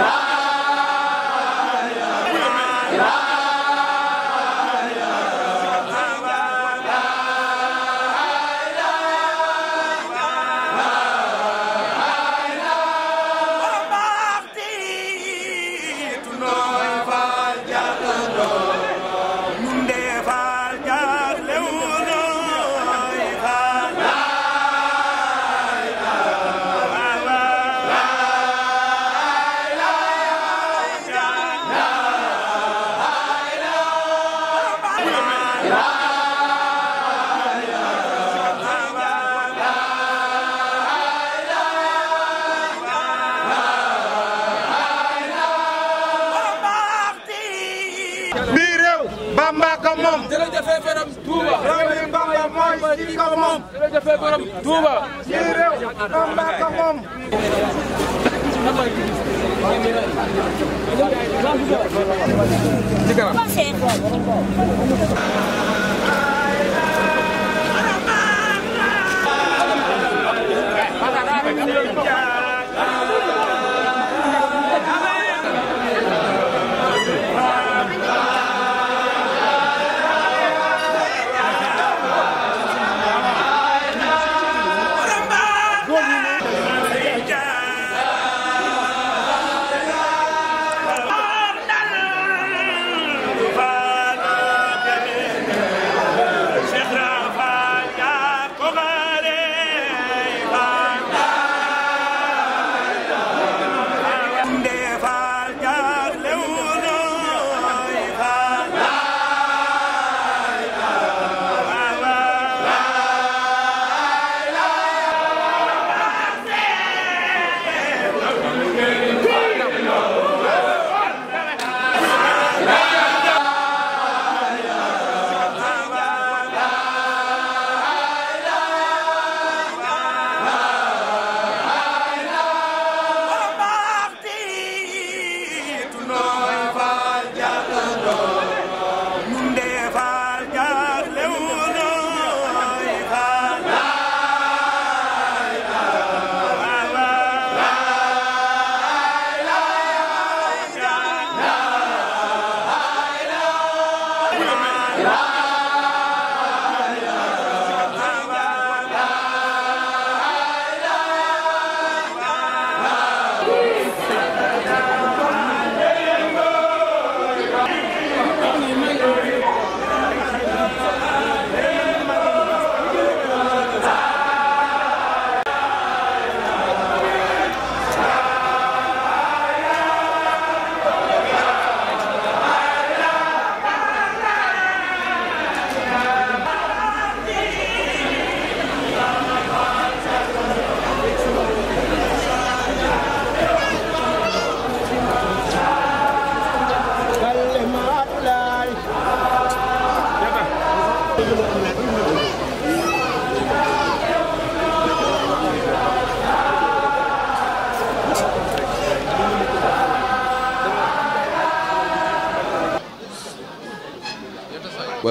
Hurra! borom Touba. lii réew am naa ko moom. ci kanam. Yeah.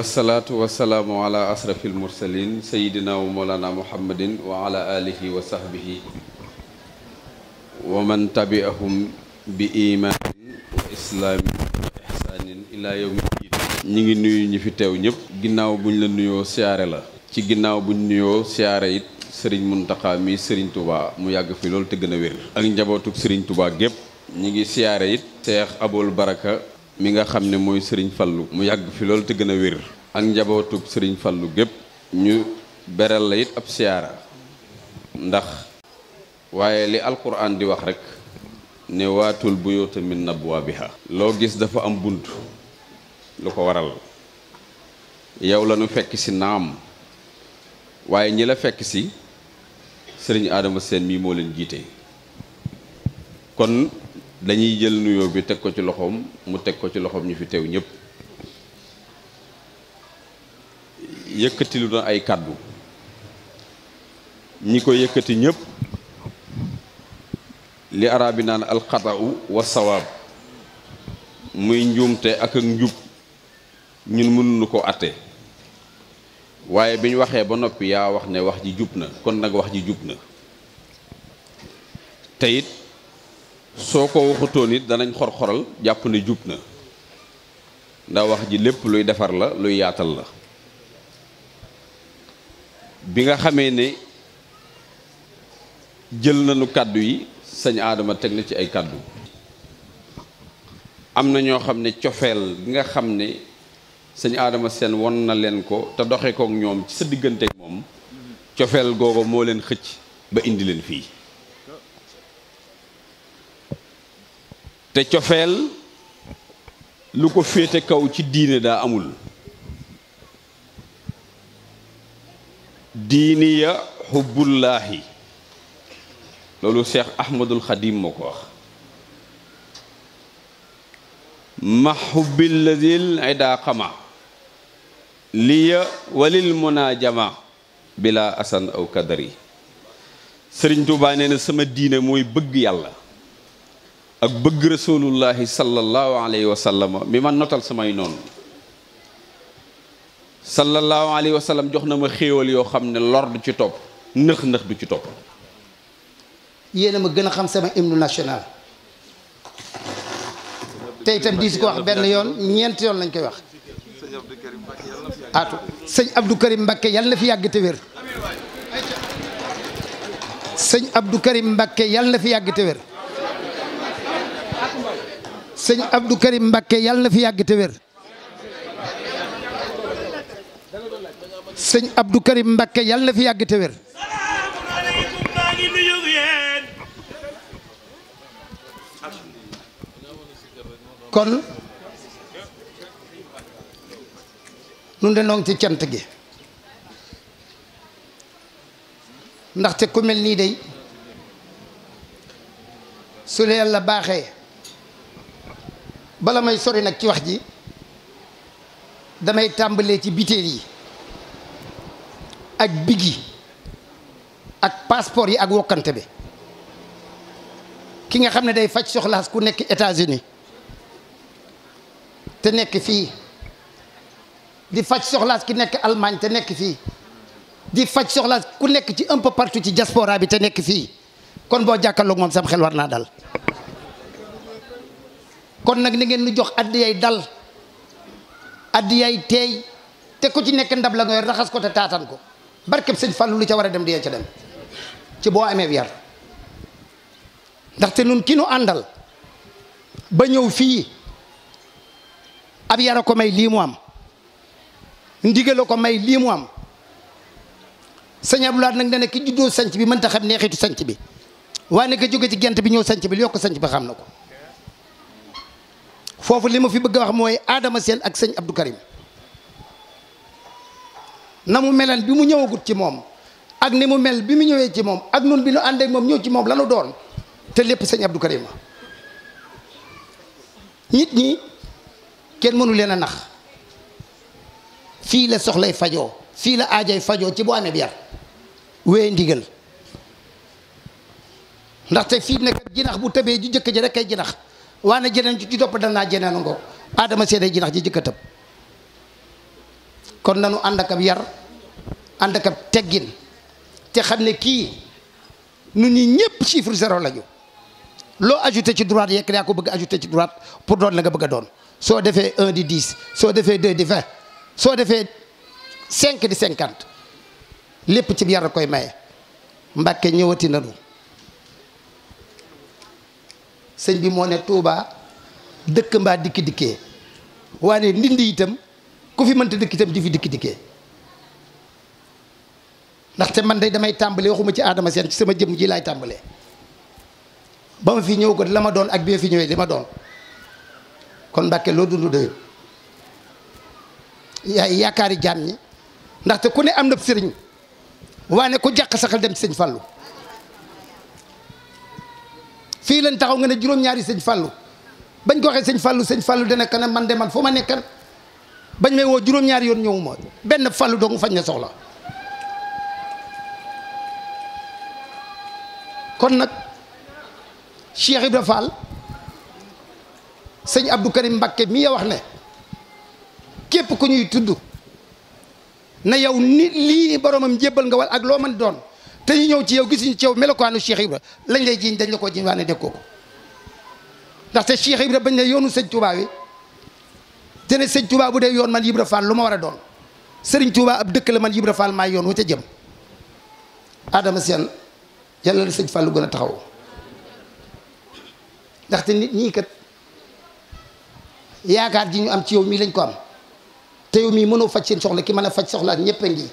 wasalaatu wasalaamu ala asrafil mursalin sayidina wa moolana muhammadin wa ala alihi wa sahbihi wa man tabi'ahum bi imaanin wa islaamin wa ihsaanin ila yawmi diin ñi ngi nuyu ñu fi teew ñëpp ginnaaw buñ la nuyoo siyaare la ci ginnaaw buñu nuyoo siyaare sëriñ Muntaxa sëriñ Touba mu yàgg fi loolu te gën sëriñ Touba gépp ñi ngi siyaare it seex abul baraka mi nga xam ne mooy sëriñ fallu mu yàgg fi loolu te gën a wér ak njabootug sëriñ fallu gépp ñu beral la it ab siyaara ndax waaye li alquran di wax rek ne waatul buyuuta min abwaabiha loo gis dafa am bunt lu ko waral yow la nu fekk si naam waaye ñi la fekk si sëriñ aadama Seen mii moo leen jiite dañuy jël nuyoo bi teg ko ci loxoom mu teg ko ci loxoom ñu fi teew ñëpp yëkkatilu na ay kàddu ñi ko yëkkati ñépp li arab yi naan alxatau wa sawaab muy njuumte ak ak njub ñun mënuñu ko atte waaye bi ñu waxee ba noppi yaa wax ne wax ji jub na kon nag wax ji jub na te soo ko waxutoon it danañ xor-xoral jàpp ne jub na ndax wax ji lépp luy defar la luy yaatal la bi nga xamee ne jël nañu kàddu yi sëñ aadama teg na ci ay kàddu am na ñoo xam ne cofeel bi nga xam ne sëñ aadama seen won na leen ko te doxe kook ñoom ci sa digganteek moom cofeel googu moo leen xëcc ba indi leen fii te cofeel lu ko féete kaw ci diine daa amul diini ya xubbullaahi loolu Cheikh Ahmadul Xadim moo ko wax ma xubbilladil ida xama liya walil muna jama bila asan aw kadari Sëriñ Tuubaa na sama diine mooy bëgg yàlla ak bëgg rasulullahi sallallahu alayhi wa sallam mi ma notal samay noonu sallallahu alayhi wa jox na ma xéewal yoo xam ne lor du ci topp nëx nëx du ci topp yéen ma gën a xam sama hymne national te itam di ko wax benn yoon ñeenti yoon lañ koy wax aatu sëñ Abdou Karim Mbakke yàlla na fi yàgg te wér sëñ Abdou Karim Mbakke yàlla na fi yàgg te sëñ Abdou Karim Mbakke yàlla na fi yàgg te wér sëñ Abdou Karim na fi yàgg te kon nun de noong ci cant gi ndaxte ku mel nii day su la yàlla baaxee bala may sori nag ci wax ji damay tàmbalee ci biteel yi ak big ak passeport yi ak wokkante bi ki nga xam ne day faj soxlaas ku nekk états uni te nekk fii di faj soxlaas ki nekk Allemagne te nekk fii di faj soxlaas ku nekk ci ëmp peu partout ci diaspora bi te nekk fii kon boo jàkkaarloog moom sam xel war naa dal kon nag na ngeen nu jox addiyay dal addiyay teey te ko ci nekk ndab la nga yor raxas ko te taataan ko barkeb sëñ Fallou lu ca war a dem di ca dem ci boo amee yar ndaxte nun ki nu àndal ba ñëw fii ab yara ko may lii mu am ndigala ko may lii mu am sëñ Abdoulaye nag dana ki juddoo sanc bi mënta xam neexitu sanc bi waaye nag ci gent bi ñëw sanc bi li yokk sanc bi xam na ko foofu li ma fi bëgg a wax mooy aadama seen ak señ Abdou Karim na mu melan bi mu ñëwagut ci moom ak ni mu mel bi mu ñëwee ci moom ak nun bi nu ànd moom ñëw ci moom lanu doon te lépp sëñ Abdou Karim nit ñi kenn mënu leen a nax fii la soxlay fajoo fii la aajay fajoo ci boo amee bi yar wéy ndigal ndaxte fii nekk jinax bu tëbee ju jëkk ji rek kay jinax waa na jeneen ci topp dal naa jeneenu ngoo aadama seede jinax ji jëkkatam kon nanu ànd ak yar ànd ak ab teggin te xam ne kii nu ñi ñëpp chiffre zéro la ñu loo ajouté ci droite yekk yaa ko bëgg ajouté ci droite pour doon la nga bëgg a doon soo defee un di dix soo defee deux di vingt soo defee cinq di cinquante lépp ci yar koy may mbakke ñëwati nanu sëñ bi moo ne tuubaa dëkk mbaa dikk dikkee waane ndindi itam ku fi mënta dëkk itam di fi dikki dikkee ndaxte man de damay tàmbale waxuma ci aadama seen ci sama jëm ji laay tàmbalee ba ma fi ñëw ko la ma doon ak bi ma fi ñëwee li ma doon kon Mbàkke loo dund doyul yaay yaakaari jaam yi ndaxte ku ne am na sëriñ waane ku jàq saxal dem sëñ Fallou fii lañ taxaw nga ne juróom-ñaari sëñ Fallou bañ ko xee sëñ Fallou sëñ Fallou dana ko man de man fu ma nekkan bañ may woo juróom-ñaari yoon ñëwuma benn Fallou dong fañ na soxla kon nag Cheikh Ibra Fall sëñ Abdou Karim Mbakke mi ya wax ne képp ku ñuy tudd na yow nit lii boromam jébbal nga wal ak loo man doon te ñu ñëw ci yow gisuñu ci yow melokaanu Cheikh Ibra lañ lay jiiñ dañ la koo jiiñ waa ne nekkoo ko ndaxte Cheikh Ibra bañ ne yoonu sëñ Touba wi te ne sëñ Touba bu dee yoon man Ibra Fall lu ma war a doon sëriñ Touba ab dëkk la man Ibra Fall maay yoon wu ca jëm Adama Sène yàlla la sëñ Fallu a taxaw ndaxte nit ñii yaakaar ji ñu am ci yow mii lañ ko am te yow mii mënoo faj seen soxla ki mën a faj soxlaat ñëpp a ngi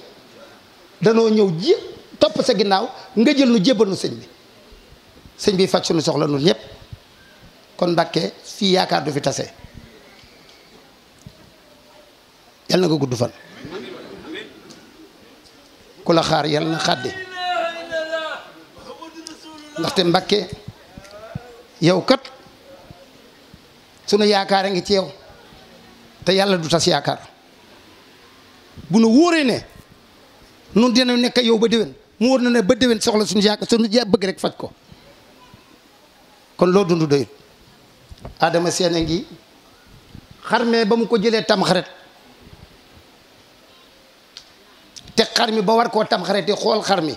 danoo ñëw ji topp sa ginnaaw nga jël nu jébbal señ bi sëñ bi faj suñu soxla nun ñëpp kon Mbàkke si yaakaar du fi tase yal na nga gudd fan ku la xaar yal na xàddi ndaxte Mbàkke yow kat sunu yaakaar a ngi ci yow te yàlla du tas yaakaar bu nu wóoree ne nun dina nekk yow ba déwén mu wóor na ne ba déwén soxla suñu yaakaar suñu ja bëgg rek faj ko kon loo dund doyut Adama Seen a ngi xar xarmee ba mu ko jëlee tam xaret te xar mi ba war koo tam xaret yi xool xar mi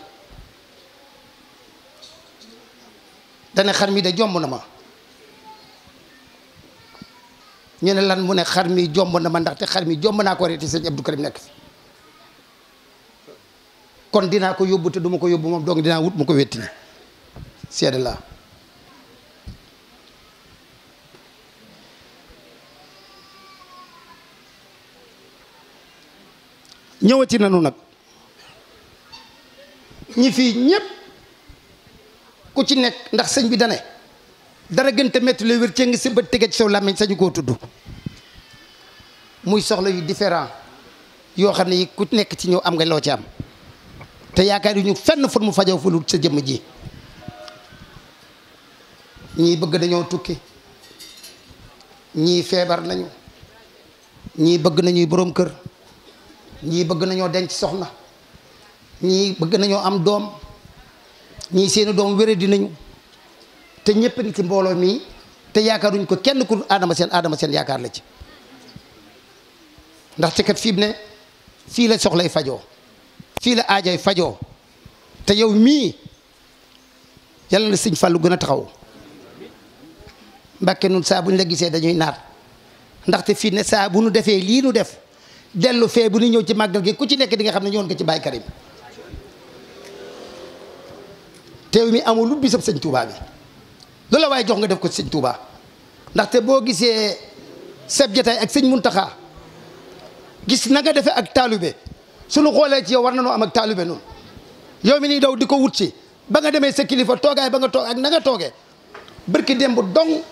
dana xar mi de jomb na ma ñu ne lan mu ne xar mi jomb na ma ndax te xar mi jomb naa ko reti sëñ Abdou Karim nekk fi kon dinaa ko yóbbu te duma ko yóbbu moom donc dinaa wut mu ko wettini seede laa ñëwati nanu nag ñi fii ñépp ku ci nekk ndax sëñ bi dane dara gën te métti lay wér cee ngi si ba tege ci saw làmmiñ sañu koo tudd muy soxla yu différent yoo xam ne yi ku nekk ci ñëw am nga loo ci am te yaakaar yi ñu fenn fut mu fajaw fu lu sa jëmm ji ñii bëgg dañoo tukki ñii feebar nañu ñii bëgg nañuy boroom kër ñii bëgg nañoo denc soxna ñii bëgg nañoo am doom ñii seeni doom wéradi nañu te ñëpp ngi mbooloo mii te yaakaaruñ ko kenn ku aadama seen aadama seen yaakaar la ci ndaxte kat fii ne fii la soxlay fajoo fii la aajay fajoo te yow mii yàlla na sëñ Fallou gën a taxaw Mbàkke nun saa bu ñu la gisee dañuy naar ndaxte fii ne saa bu nu defee lii nu def dellu fee bu ñu ñëw ci màggal gi ku ci nekk di nga xam ne ñëwoon nga ci Baye Karim teew mi amul lu bisab sëñ Touba bi loola waaye jox nga def ko sëñ Touba ndaxte boo gisee seb jataay ak sëñ Muntaxa gis na nga defee ak taalibe su suñu xoolee ci yow war nañoo am ak taalibe noonu yow mi nii daw di ko wut si ba nga demee sa kilifa toogaay ba nga toog ak na nga toogee bërki démb dong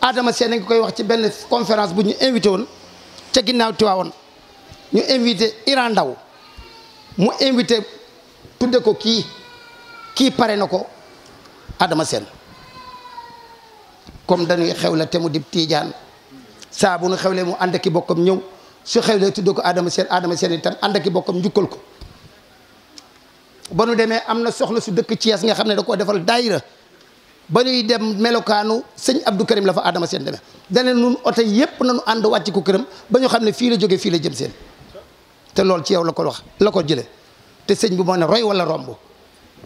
Adama Sène nga koy wax ci benn conférence bu ñu invité woon ca ginnaaw Tiwaawoon ñu invité Iran Ndaw mu invité tudde ko kii kii pare na ko Adama Sène comme dañuy xewle te mu dib tiijaan saa bu nu xewle mu ànd ki bokkam ñëw su xewlee tudd ko Adama Seen Adama Seen itam ànd ak i bokkam njukkal ko ba nu demee am na soxla su dëkk Thiès nga xam ne da koo defal ra ba ñuy dem melokaanu sëñ Abdou Karim la fa Adama Seen demee dane nun oto yépp nañu ànd wàcc ko këram ba ñu xam ne fii la jógee fii la jëm seen te loolu ci yow la ko wax la ko jële te sëñ bi moo ne roy wala romb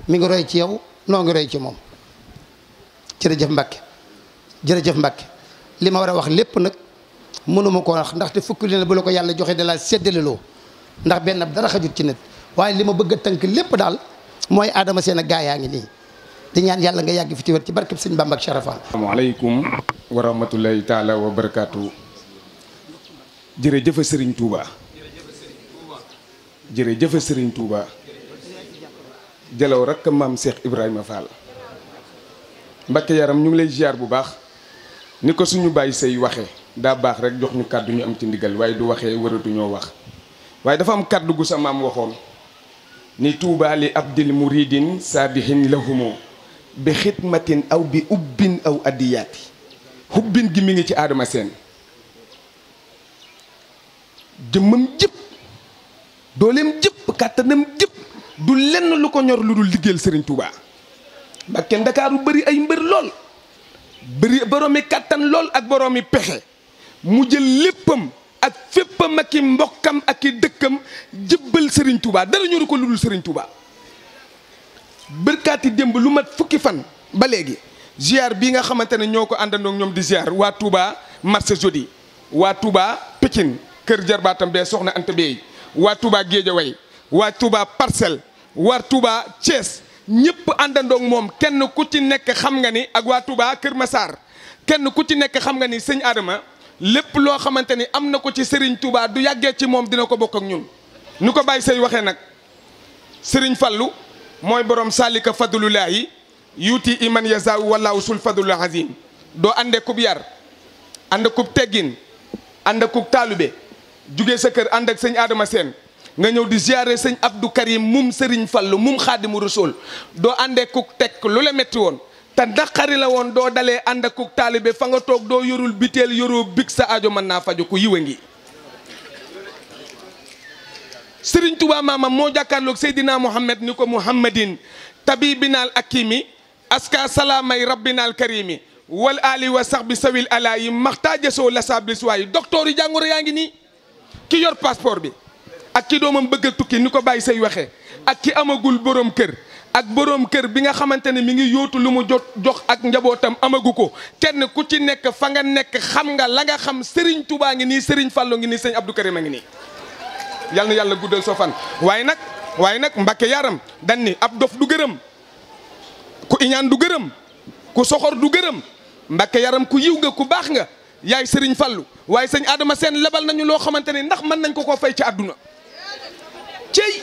mi ngi roy ci yow noo ngi roy ci moom jërëjëf Mbacke jërëjëf Mbacke li ma war a wax lépp nag mënuma ko wax ndaxte fukki li ne la ko yàlla joxe da laa séddaleloo ndax benn dara xajut ci nit waaye li ma bëgg a tënk lépp daal mooy Adama seen ak gaa yaa ngi nii di ñaan yàlla nga yàgg fi ci wér ci barkeb sëñ Bamba ak Sharafa. asalaamaaleykum wa rahmatulahi taala wa barakaatu. jërëjëf Serigne Touba. jërëjëf sëriñ tuuba jalaw rakk maam Cheikh Ibrahima Fall. Mbacke yaram ñu ngi lay ziar bu baax. ni ko suñu bàyyi say waxe daa baax rek jox ñu kàddu ñu am ci ndigal waaye du waxee waratuñoo wax waaye dafa am kàddu gu sa maam waxoon ni tuubaa li abdil muridin saabihin lahumo bi xidmatin aw bi ubbin aw addiyaati hubbin gi mi ngi ci aadama seen jëmmam jëpp dooleem jëpp kàttanam jëpp du lenn lu ko ñor lu dul liggéeyal sëriñ Touba Mbàkke Ndakaaru bëri ay mbër lool bëri boroomi kàttan lool ak boroomi pexe mu jël léppam ak féppam ak i mbokkam ak i dëkkam jëbbal sëriñ Touba dara ñoru ko lu dul sëriñ Touba bërkaati démb lu mat fukki fan ba léegi ziar bii nga xamante ne ñoo ko àndandoog ñoom di ziar waa Touba marché jeudi waa Touba Pikine kër jarbaatam bee soxna Anta Bey waa Touba Géejawaay waa Touba Parcelles waa Touba Thiès ñëpp àndandoog moom kenn ku ci nekk xam nga ni ak waa Touba Kër masaar kenn ku ci nekk xam nga ni sëñ Adama lépp loo xamante ni am na ko ci Serigne Touba du yàggee ci moom dina ko bokk ak ñun ñu ko bàyyi say waxee nag Serigne fallu mooy borom saalika fadlulaahi yuuti iman yasaa wallaaw sul fadlul azim doo àndee kub yar ànd kub teggin ànd kub taalube jugee sa kër ànd ak sëñ aadama seen nga ñëw di ziare sëñ Abdou Karim mum Serigne Fallou mum xaadimu rasul doo àndee kub tekk lu la metti woon te naqari la woon doo dalee ànd ak taalibe fa nga toog doo yorul biteel yoroo big sa aajo mën naa faju ku yiwa ngi sëriñ Tuubaa maamam moo jàkkaarloog Seydina Muhammad ni ko muhammadin tabibinaal akimi aska salaamay rabbinaal karimi wal ali wa sax bi sawil ala yi maxtaajasoo la sablis waayu docteur jàngoro yaa ngi nii ki yor passeport bi ak ki doomam bëgg a tukki ni ko bàyyi say waxe ak ki amagul borom kër ak boroom kër bi nga xamante ne mi ngi yootu lu mu jot jox ak njabootam amagu ko kenn ku ci nekk fa nga nekk xam nga la nga xam Serigne tubaa ngi nii sëriñ Fallou ngi nii Serigne Abdou Karim a ngi nii. yal na yàlla guddal soo fan waaye nag waaye nag Mbacke yaram dan ni ab dof du gërëm ku iñaan du gërëm ku soxor du gërëm Mbacke yaram ku yiw nga ku baax nga yaay sëriñ fallu waaye sëñ aadama seen lebal nañu loo xamante ne ndax mën nañ ko koo fay ci àdduna. cey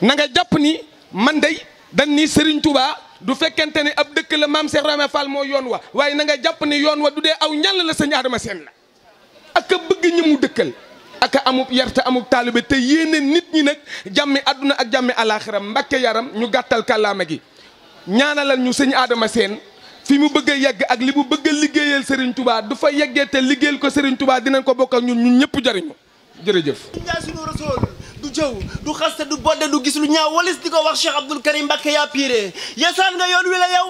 na nga jàpp ni man day. dan ni Serigne Touba du fekkente ne ab dëkk la maam Cheikh Ibrahima Fall moo yoon wa waaye na nga jàpp ni yoon wa du dee aw ñàll la sëñ Adama Seen la ak a bëgg ñi mu dëkkal ak a amub yar te amub taalibe te yéene nit ñi nag jàmmi àdduna ak jàmmi alaaxira mbàkke yaram ñu gàttal kàllaama gi ñaanalal ñu sëñ aadama Seen fi mu bëgg a yegg ak li mu bëgg a liggéeyal Serigne du fa yeggee te liggéeyal ko Serigne tubaa dinañ ko bokk ak ñun ñun ñëpp jariñu jërëjëf. jëw du xaste du bodde du gis lu ñaaw walis di ko wax Cheikh Abdoul Karim Mbacké yaa piire yasaan nga yoon wi la yow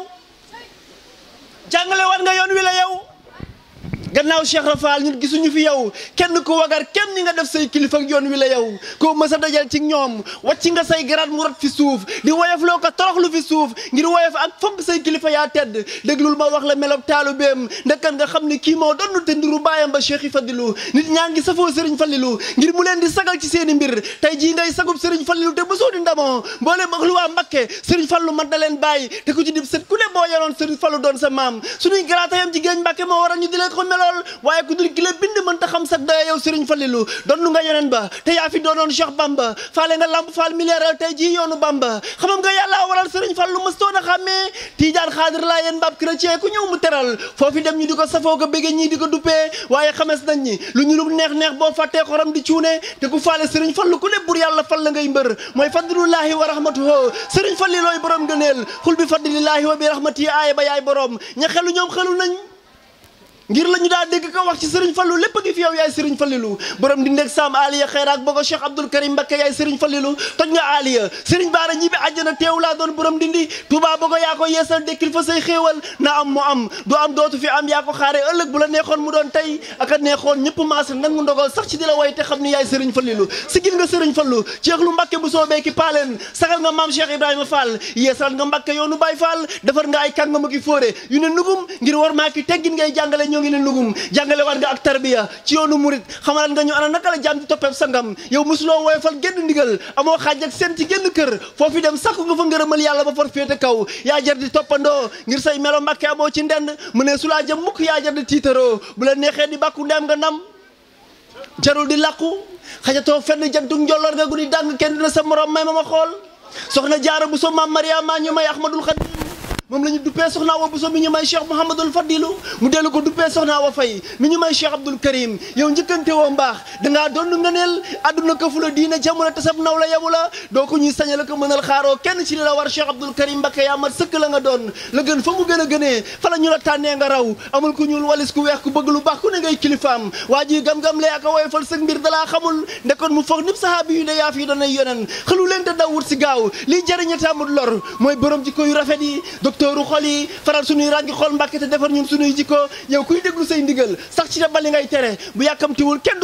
jàngale war yoon wi la yow gannaaw Cheikh Rafal ñun gisuñu fi yow kenn ku wagar kenn ni nga def say kilifa ak yoon wi la yow koo mës a dajal ci ñoom wàcc nga say garaat mu rot fi suuf di woyof loo ko toroxlu fi suuf ngir woyof ak fonk say kilifa yaa tedd déglul ma wax la melob taalubeem ndakkan nga xam ne kii moo donn te ndiru baayam ba Cheikh yi Fadilu nit ñaa ngi safoo Serigne Fallilou ngir mu leen di sagal ci seen mbir tey jii ngay sagub Serigne Fallilou te mosoo di ndamoo mbooleem ak lu waa Mbakke Serigne Fallu man da leen bàyyi lool waaye ku dul ki la bind mën ta xam sax daya yow Serigne Fallilou donnu nga yeneen ba te yaa fi doonoon Cheikh Bamba faale nga lamp faal milliardaire tey jii yoonu ba xamam nga yàlla waral Serigne Fallou mëstoon a xàmmee Tijaan xaadir laa yéen mbab chrétien ku ñëw mu teral foofu dem ñu di ko safoo ko béggee ñii di ko duppee waaye xames nañ ñi lu ñu lu neex neex boo fàttee xorom di cuune te ku faale Serigne Fallou ku ne bur yàlla fal la ngay mbër mooy fadlullahi wa rahmatuhu Serigne Fallilooy borom ngëneel xul bi fadlillahi wa bi rahmati aaya ba ngir la ñu daa dégg ko wax ci Serigne Fallou lépp ngi fi yow yaay Serigne Fallilou borom di ndeg saam aliya xayraak bogo Cheikh Abdoul Karim Mbakke yaay Serigne Fallilou toj nga aliya Serigne Baara ñibbi àjjana teew laa doon borom dindi Touba bogo yaa ko yeesal dekkil fa say xéewal na am mu am du am dootu fi am yaa ko xaare ëllëg bu la neexoon mu doon tey ak a neexoon ñëpp maas nangu ndogal sax ci di la way te xam ni yaay Serigne Fallilou sigil nga Serigne Fallou bu soobee ki paaleen saxal nga maam Cheikh Ibrahima Fall yeesal nga Mbakke yoonu Baye Fall defar nga ay kàngam ak i ngay jàngale ñoo ngi ne lugum jàngalewaat nga ak tarbiya ci yoonu murit xamalaat nga ñu ana naka la jaam di toppeeb sangam yow mosuloo woyofal génn ndigal amoo xaaj ak seen ci génn kër foofu dem sakku nga fa ngërëmal yàlla ba far féete kaw yaa jar di toppandoo ngir say melo mbàkke amoo ci ndend mu ne su laa jëm mukk yaa jar di tiitaroo bu la neexee di bàkku ndeem nga nam jarul di làqu xajatoo fenn jantu njolloor nga guni dàng kenn dina sa morom may ma ma xool soxna jaara bu so maam mariama ñu may ahmadul xadim moom la duppee soxna wa Bousso mi ñu may Cheikh Mouhamadul Fadilu mu dellu ko duppee soxna wa Fay mi ñu may Cheikh Abdoul Karim yow njëkkante woo mbaax dangaa doon ngëneel àdduna ko fu la diina jamono tasab naw la yabu la doo ko ñuy saña la ko mënal xaaroo kenn ci li la war Cheikh Abdoul Karim Mbakke yaa mat sëkk la nga doon la gën fa mu gën a gënee fa la la tànnee nga raw amul ku ñuul walis ku weex ku bëgg lu baax ku ne ngay kilifaam waa ji gam-gam la ak a woyofal mu foog nib sahaabi yu ne yaa fi doonay yonen si gaaw lii jëriña taamul lor mooy borom ci koy docteuru xol yi faral suñuy ràññi du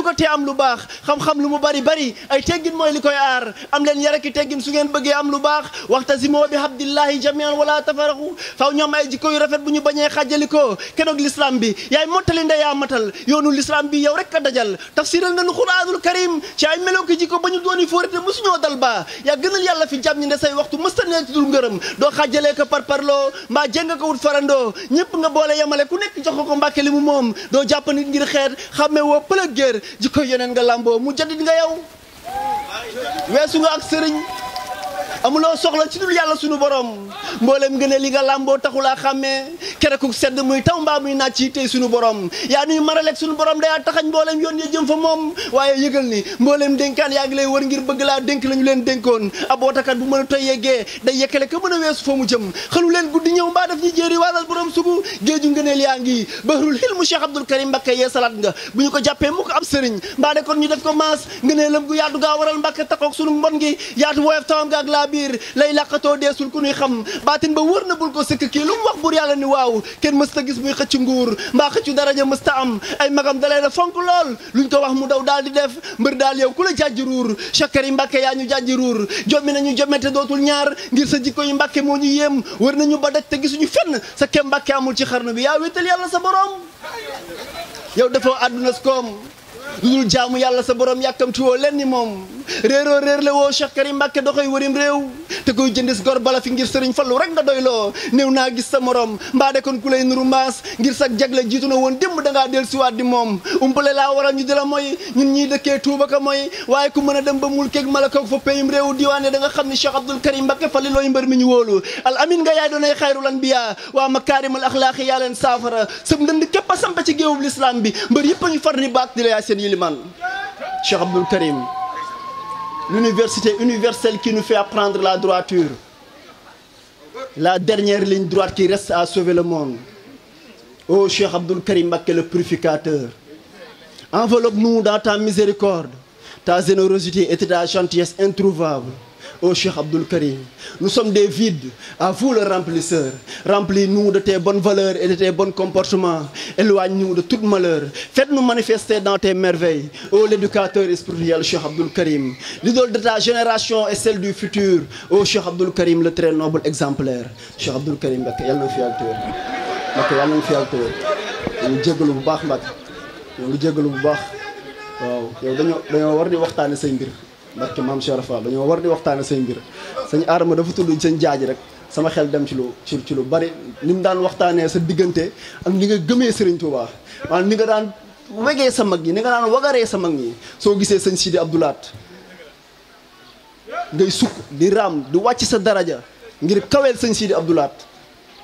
ko tee lu baax xam lu mu bari bari ay teggin mooy li koy aar am leen su ngeen bëggee am lu baax waxta si moo bi habdillahi jamian wala tafaraxu faw ñoom ay jikko yu rafet bu ñu bañee xàjjalikoo kenoog l'islam bi yaay mottali nda matal yoonu l'islam bi yow rek a dajal tafsiral nga nu xuraanul karim ci ay meloo jikko ba ñu dooni fóorite mosuñoo dal ba yaa gënal yàlla fi jàmm ñi nde say waxtu mësta nee ci dul ngërëm doo xàjjalee ko par parloo farandoo mbaa jëng nga ko wut farandoo ñëpp nga boole yemale ku nekk jox ko mbàkke li mu moom doo jàpp nit ngir xeet xamme woo pëlëg géer jikko yeneen nga làmboo mu jadit nga yow weesu nga ak sëriñ amuloo soxla ci dul yàlla sunu borom mboolem gën a li nga làmboo taxulaa xàmmee kereku sedd muy taw mbaa muy naaj ci tey sunu borom yaa nuy maraleeg sunu borom dayaa taxañ mboolem yoon ya jëm fa moom waaye yëgal ni mboolem dénkaan yaa ngi lay wër ngir bëgg laa dénk la ñu leen dénkoon ab wootakat bu mën a toy yeggee day yekkale ka mën a weesu fa mu jëm xalu leen guddi ñëw mbaa daf ñu jéeri waalal borom sugu géeju ngëneel yaa ngi bahrul hilmu Cheikh Abdoul Karim Mbacké yee ñu ko jàppee mu ko ab sëriñ mbaa ñu def ko maas ngëneelam gu yaatu gaa waral Mbacké taxoog sunu mbon gi yaatu biir lay làqatoo deesul ku nuy xam baatin ba wër na bul ko sëkk kii lu mu wax bur yàlla ni waaw kenn mës ta gis muy xëcc nguur mbaa xëccu daraja mës ta am ay magam dalee fonk lool luñ ko wax mu daw daal di def mbër daal yow ku la jàjji ruur chakkar yi mbàkke yaa ñu jàjji ruur na ñu jomete dootul ñaar ngir sa jikko yi mbàkke moo ñu yéem wër ñu ba daj te gisuñu fenn sa kem mbàkke amul ci xar na bi yaa wéetal yàlla sa borom yow defoo àdduna koom lu dul jaamu yàlla sa borom yàkkamti woo leen ni moom réeroo réer la woo Cheikh Karim Mbàkke doxoy wërim réew te koy jëndis gor bala fi ngir sëriñ fallu rek nga doyloo néew naa gis sa morom mbaa de kon ku lay nuru maas ngir sag jagle jiitu na woon démb dangaa del siwaat di moom umpale laa waral ñu di la mooy ñun ñiy dëkkee Tuuba ka mooy waaye ku mën a dem ba mul keeg mala koog fa payum réew diwaane xam ne Cheikh Abdoul Karim Mbàkke falli looy mbër mi ñu wóolu al nga yaay doonay xayrul anbiya waa makaarimul axlaaqi yaa leen képp a samp ci géewub lislaam bi mbër yëpp Yiliman, Cheikh Abdul Karim. L'université universelle qui nous fait apprendre la droiture. La dernière ligne droite qui reste à sauver le monde. Ô oh, Cheikh Abdul Karim Bakke, le purificateur, enveloppe-nous dans ta miséricorde, ta générosité et ta gentillesse introuvable. ô Cheikh Abdul Karim nous sommes des vides à vous le remplisseur remplis-nous de tes valeur valeurs et de tes bons comportements éloigne-nous de tout malheur faites-nous manifester dans tes merveilles ô l'éducateur spirituel Cheikh Abdul Karim l'idole de ta génération et celle du futur ô Cheikh Abdul Karim le très noble exemplaire Cheikh Abdul Karim Mbacké yàlla na fi yàlla tëwër Mbacké yàlla na fi yàlla tëwër ñu jégalu bu baax Mbacké ñu jégalu bu baax waaw yow dañoo dañoo war di waxtaane say parce que maam Cheikh Fall dañoo war di waxtaane say mbir sëñ Adama dafa tudd sëñ jaaj rek sama xel dem ci lu ci ci lu bari ni mu daan waxtaanee sa diggante ak ni nga gëmee Serigne Touba maanaam ni nga daan wegee sa mag ñi ni nga daan wagaree sa mag ñi soo gisee sëñ Sidi Abdoulaat ngay sukk di raam di wàcc sa daraja ngir kaweel sëñ Sidi Abdoulaat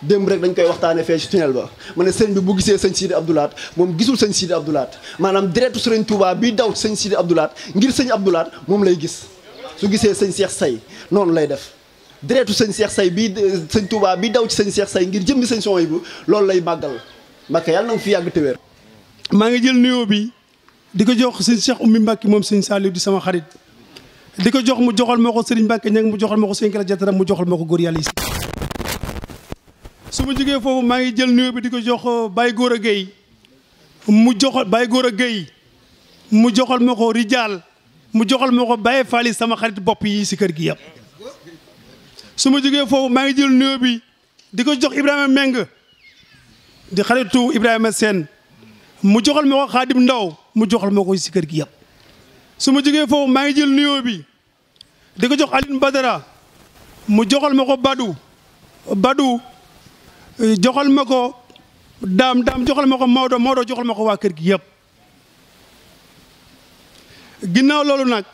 démb rek dañ koy waxtaanee fee ci tunnel ba ma ne sëñ bi bu gisee sëñ Sidi Abdou moom gisul sëñ Sidi Abdou maanaam deretu sëriñ Touba bi daw sëñ Sidi Abdou ngir sëñ Abdou moom lay gis su gisee sëñ Cheikh Say noonu lay def deretu sëñ Cheikh Say bi sëñ Touba bi daw ci sëñ Cheikh Say ngir jëmmi sëñ son yi bu loolu lay màggal Mbàkke yàlla na nga fi yàgg te wér maa ngi jël nuyoo bi di ko jox sëñ Cheikh Oumy Mbacke moom sëñ Saliou di sama xarit di ko jox mu joxal ma ko sëriñ Mbacke ña mu joxal ma ko sëñ Kala Jatara mu joxal ma ko góor yàlla yi su ma jógee foofu maa ngi jël nuyoo bi di ko jox euh, Baye Gora Gueye mu joxal góor a Gueye mu joxal ma ko Rijaal mu joxal ma ko Baye Fall sama xarit bopp yi si kër gi yëpp su ma jógee foofu maa ngi jël nuyoo bi di ko jox Ibrahima Meng di xaritu Ibrahima Sène mu joxal ma Ndaw mu joxal ma ko si kër gi yëpp su ma jógee foofu maa ngi jël nuyoo bi di ko jox Aline Badara mu joxal ma ko Badou Badou joxal ma ko daam daam joxal ma ko Maodo Maodo joxal ma ko waa kër gi yëpp ginnaaw loolu nag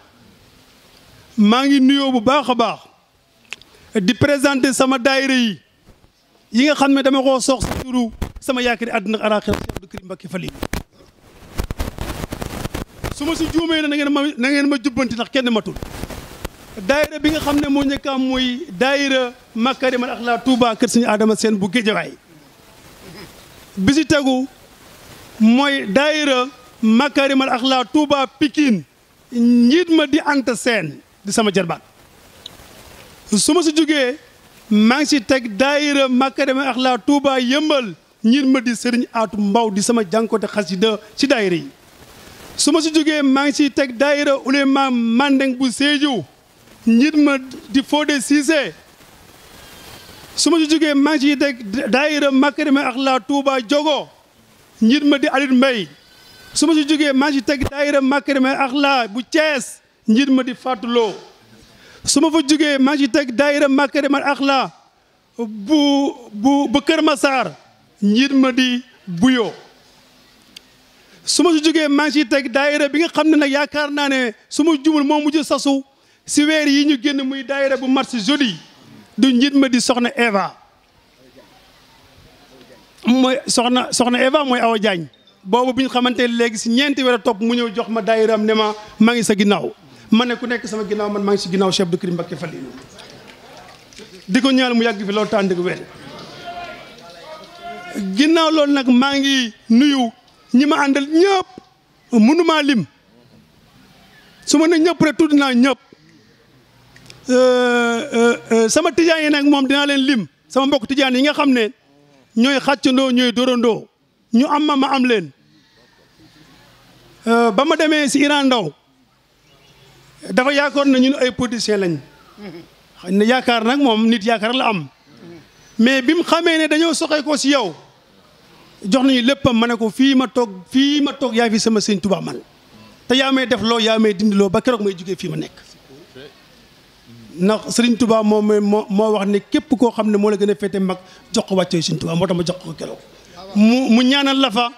maa ngi nuyoo bu baax a baax di présenter sama daayira yi yi nga xam ne dama koo sox si turu sama yaakaar yi àddina ak alaaxira Cheikh Abdou su ma si na ngeen ma na ngeen ma jubbanti ndax kenn matul daayira bi nga xam ne moo njëkk am muy daayira Makarimal Axlaaq Touba kër Sëriñ Adama Sène bu Géejawaay bi si tegu mooy daayira Makarimal Axlaaq Touba Pikine njiit ma di Anta Sène di sama jarbaat su ma si jógee maa ngi si teg daayira Makarimal Axlaaq Touba yëmbal njiit ma di Sëriñ Aatu Mbaw di sama jànkote xasida si su ma si jógee maa ngi si teg daayira ulema Mandeng bu Sédhiou njiit ma di Fodé Cissé su ma ci jógee maa ngi ciy teg daayira Makarima ak la Touba Jogo njiit ma di Aline Mbaye su ma ci jógee maa teg daayira Makarima ak la bu Thiès njiit ma di Fatou su ma fa jógee maa ngi ci teg daayira Makarima ak la bu bu bu Kër Massar njiit ma di Buyo su ma ci jógee maa ngi ciy teg daayira bi nga xam ne nag yaakaar naa ne su ma jumul moo mujj sasu si weer yi ñu génn muy daayira bu mars jeudi du njiit ma di soxna Eva mooy soxna soxna Eva mooy Awa Diagne boobu bi ñu xamante léegi si ñeenti weer a topp mu ñëw jox ma daayiram ne ma maa ngi sa ginnaaw ma ne ku nekk sama ginnaaw man maa ngi si ginnaaw chef de kër Mbacké Falilou di ko ñaan mu yàgg fi loolu tànn weer ginnaaw loolu nag maa ngi nuyu ñi ma àndal ñëpp mënumaa lim su ma ne ñëpp rek tudd naa ñëpp. Euh, euh, euh, sama tijaan yi nag moom dinaa leen lim sama mbokk tijaan yi nga xam ne ñooy xàccandoo ñooy dorandoo ñu am ma ma am leen ba ma demee si Iran ndaw dafa yaakaar na ñun ay politiciens lañ xam ne yaakaar nag moom nit yaakaar la am mais bi mu xamee ne dañoo soxee ko si yow jox nañu léppam ma ne ko fii ma toog fii ma toog yaa fi sama sëñ Tuubaa man te yaa may def loo yaa may dindi loo ba keroog may jugee fii ma nekk ndax Serigne Touba moom moo moo wax ne képp koo xam ne moo la gën a féete mag jox ko wàccee Serigne Touba moo tax ma jox ko keroog mu mu ñaanal la fa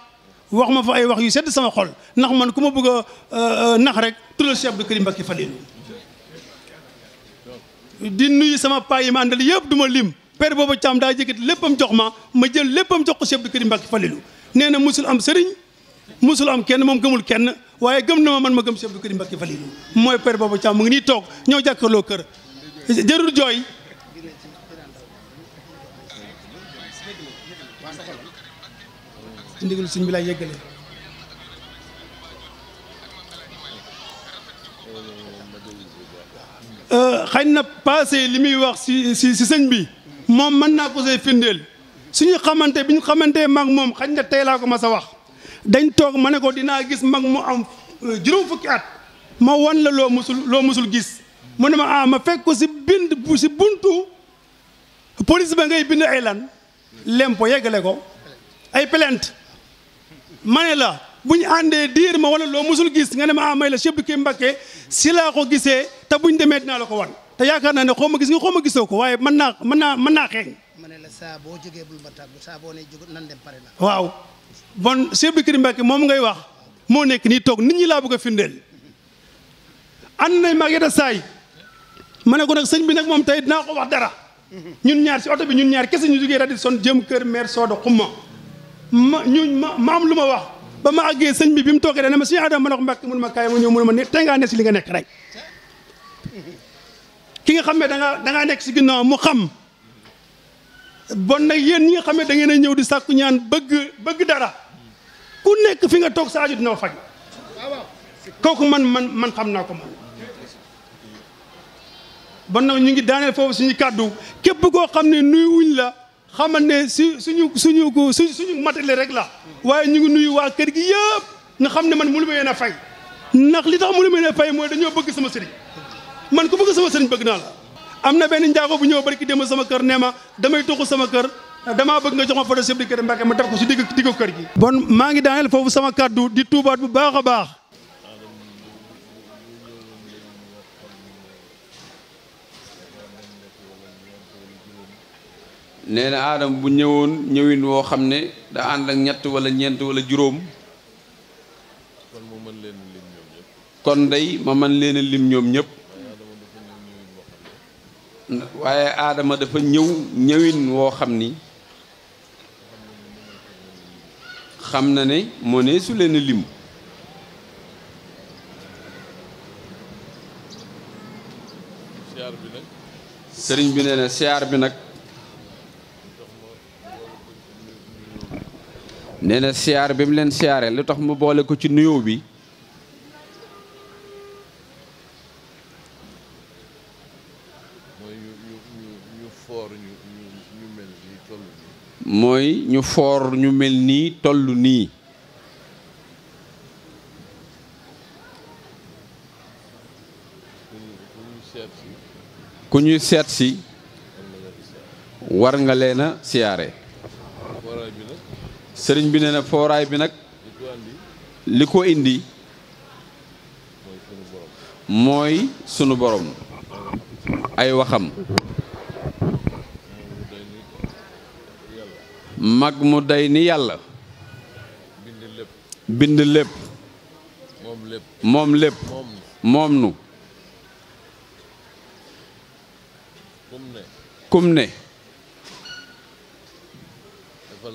wax ma fa ay wax yu sedd sama xol ndax man ku ma bëgg a euh, euh, nax rek tuddal Cheikh Abdou Karim Mbacké Falilou di nuyu sama paa yi ma àndal yëpp duma ma lim père boobu Thiam daa jëkkati léppam jox ma ma jël léppam jox ko Cheikh Abdou Karim Mbacké Falilou nee na musul am Serigne musul am kenn moom gëmul kenn waaye gëm na ma man ma gëm Cheikh Abdou Karim Mbacké Falilou mooy père boobu Thiam mu ngi nii toog ñoo jàkkaarloo kër jërul jooy ci ndigalu sëñ euh, xañ na paase li muy wax si si si sëñ bi moom mën naa ko see firndeel suñu xamante bi ñu xamante mag moom xañ na tey laa ko ma sa wax dañ toog ma ne ko dinaa gis mag mu am euh, juróom fukki at ma wan la loo musul loo musul gis mu ne ma ah ma fekk ko si bind si buntu police ba ngay bind ay lan lempo yeggale ko ay plainte ma la bu ñu àndee diir ma wala loo musul gis nga ne ma ah may la Cheikh Abdou Karim Mbacké si laa ko gisee te buñ demee dinaa la ko wan te yaakaar naa ne xaw ma gis nga xaw ma gisoo ko waaye man naa mën naa mën naa ma ne la saa jógee bul ma tàggu saa boo ne dem pare na waaw bon Cheikh Abdou Karim Mbacké moom ngay wax moo nekk nii toog nit ñi laa bëgg a firndeel nañ mag yata saay ma ne ko nag sëñ bi nag moom tey dinaa ko wax dara ñun ñaar si oto bi ñun ñaar kese ñu jógee Radisson jëm kër maire Soda Xumma ma ñu ma ma am lu ma wax ba ma àggee sëñ bi bi mu toogee dana ma si Adama ma ne ko mbàkk mun ma kaay ma ñëw mun ma ne tey si li nga xam ne da nga nekk si ginnaaw mu xam bon nag yéen ñi nga xam ne da ngeen a ñëw di sàkku ñaan bëgg bëgg dara ku nekk fi nga toog sa aju dina faj kooku man man man xam naa ko man ba nag ñu ngi daaneel foofu suñu kàddu képp koo xam ne nuyu wuñ la xamal ne su suñu suñu su suñu matali rek la waaye ñu ngi nuyu waa kër gi yëpp nga xam ne man mënu ma yéen a fay ndax li tax mënu ma yéen a fay mooy dañoo bëgg sama sëriñ man ku bëgg sama sëriñ bëgg naa la am na benn njaago bu ñëw bari ki dem sama kër nee ma damay toxu sama kër damaa bëgg nga jox ma photo chef de kër Mbacke ma def ko si digg diggu kër gi bon maa ngi daaneel foofu sama kàddu di tuubaat bu baax a baax nee na aadama bu ñëwoon ñëwin woo xam ne da ànd ak ñett wala ñeent wala juróom kon day ma man leen lim ñoom ñëpp waaye aadama dafa ñëw ñëwin woo xam ni xam na ne moo ne lim sëriñ bi nee na bi nag nee na siyaar bi mu leen siyaare lu tax mu boole ko ci nuyoo bi mooy ñu foor ñu mel nii toll nii ku ñuy seet si war nga leen a siyaare sëriñ bi nee na fooraay bi nag li ko indi mooy sunu boroom ay waxam mag mu day ni yàlla bind lépp moom lépp moom nu kum ne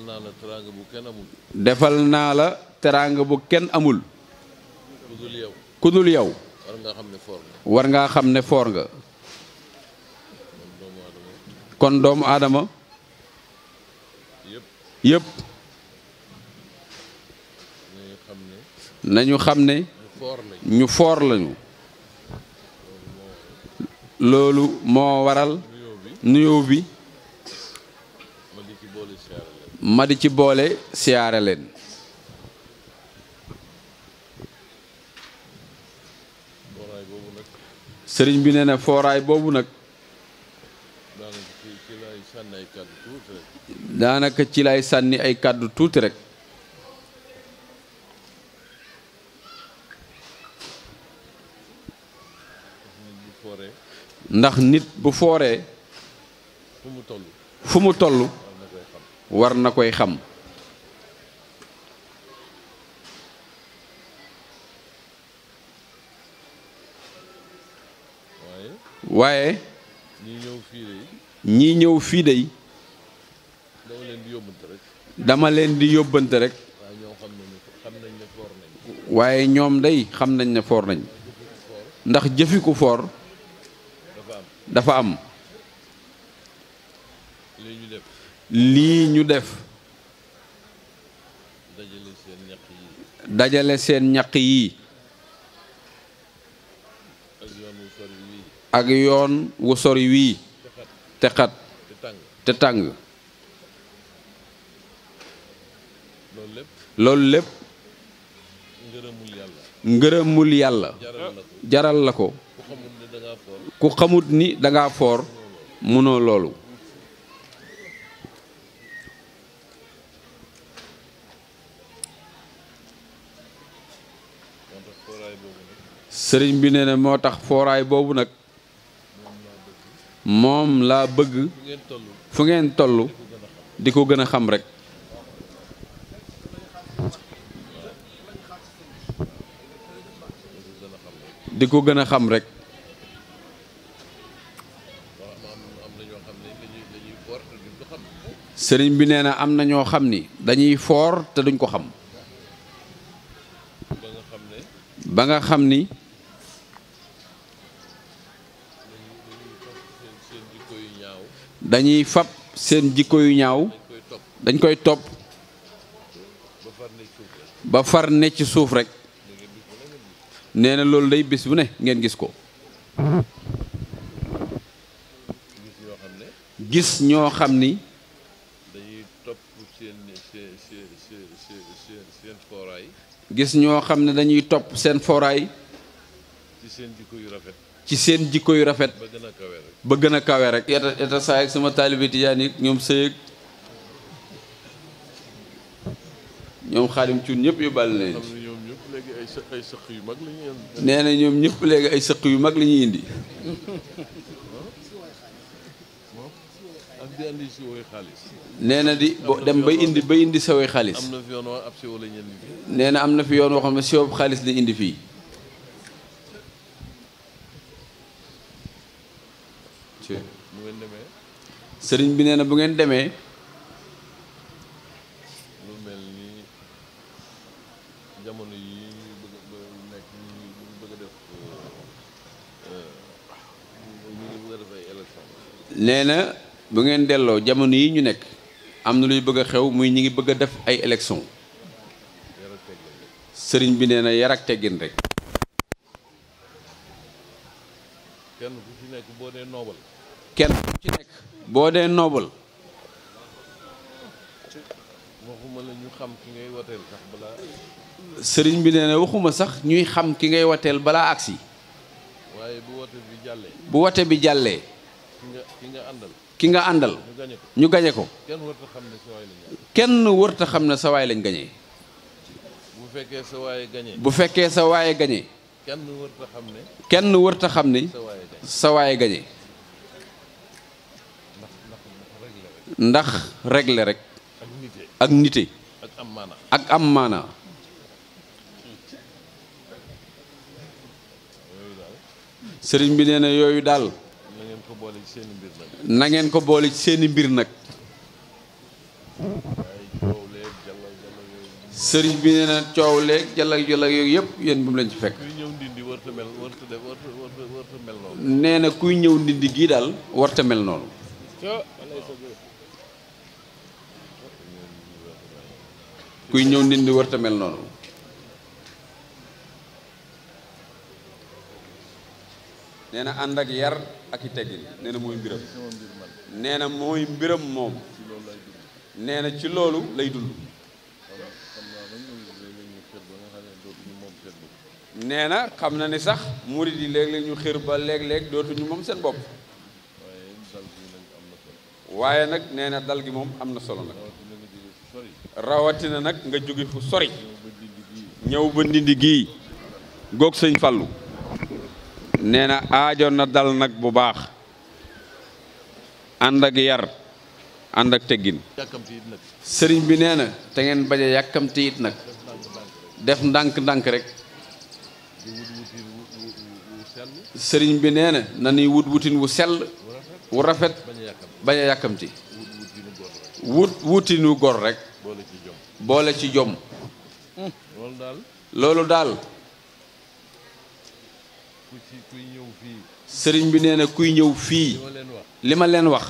defal naa la teraanga bu kenn amul. defal naa la teraanga bu kenn amul. kudul yow. kudul war ngaa xam ne foor nga. xam ne foor nga. kon doomu aadama. yépp yëpp. nañu xam ne. nañu ñu foor lañu. loolu moo waral. nuyoo bi. ma di ci boole siyaare leen sëriñ bi nee na fooraay boobu nag daanaka ci lay sànni ay kàddu tuuti rekk ndax nit bu fooree fu mu toll war na koy xam waaye ñii ñëw fii de dama leen di yóbbante rek waaye ñoom day xam nañ ne foor nañ ndax jëfi ku foor dafa am lii ñu def dajale seen ñaq yi ak yoon wu sori wii te xat te tàng loolu lépp ngërëmul yàlla jaral la ko ku xamut ni danga foor mënoo loolu sëriñ bi nee na moo tax fooraay boobu nag moom laa bëgg fu ngeen toll di ko gën a xam rek di ko gën a xam rek sëriñ bi nee na am na ñoo xam ni dañuy foor te duñ ko xam ba nga xam ni dañuy fab seen jikko yu ñaaw dañ koy topp ba far ne ci suuf rek nee na loolu day bés bu ne ngeen gis ko gis ñoo xam ni gis ñoo xam ne dañuy topp seen foraay ci seen jikko yu rafet ci seen jikko yu rafet ba gën a kawe rek eta eta saa ak sama taalibe tijaan yi ñoom sëyëg ñoom xaadim cuun ñépp yu bàll nañ nee na ñoom ñëpp léegi ay sëq yu mag la ñuy indi nee na di dem ba indi ba indi sawee xaalis nee na am na fi yoon woo xam ne siwab xaalis la indi fii ok bu ngeen sëriñ bi nee na bu ngeen demee. jamono yi ñu euh, na bu ngeen delloo jamono yi ñu nekk am na luy bëgg a xew muy ñu ngi bëgg a def ay élection sëriñ bi nee yarak yar rek. kenn ci nekk boo dee noble waxuma ñu xam ki ngay sëriñ bi nee waxuma sax ñuy xam ki ngay wateel balaa agsi waaye bu wote bi jàllee ki nga ki nga ki nga àndal ñu gañe ko kenn wërta xam ne sa kenn xam ne sa waay lañ gañee bu fekkee sa waaye gañee bu fekkee sa waaye gañee kenn wërta xam ne xam ne sa waaye gañee ndax régler rek ak nite ak am maana sëriñ bi nee na yooyu daal na ngeen ko boole ci seeni mbir nag sëriñ bi nee na coow leeg jallag jallag yooyu yëpp yéen bu mu leen ci fekk nee na kuy ñëw ndindi gii daal warta mel noonu kuy ñëw nit ñi warta mel noonu nee na ànd ak yar ak i teggin nee mooy mbiram nee na mooy mbiram moom nee na ci loolu lay dund nee na xam na ni sax murit yi léeg-léeg ñu xir ba léeg-léeg dootuñu moom seen bopp waaye nag nee na dal gi moom am na solo nag rawatina nag nga jóge fu sori ñëw ba ndindi gii goog sëñ Fallu nee na aajoon na dal nag bu baax ànd ak yar ànd ak teggin sëriñ bi nee na te ngeen bañ yàkkamtiit nag def ndànk-ndànk rek sëriñ bi nee na na nuy wut wutin wu sell wu rafet bañ yàkkamti wut wutinu gor rek boole ci jom hmm. loolu daal loolu daal ku fii sëriñ bi nee na kuy ñëw fii li ma leen wax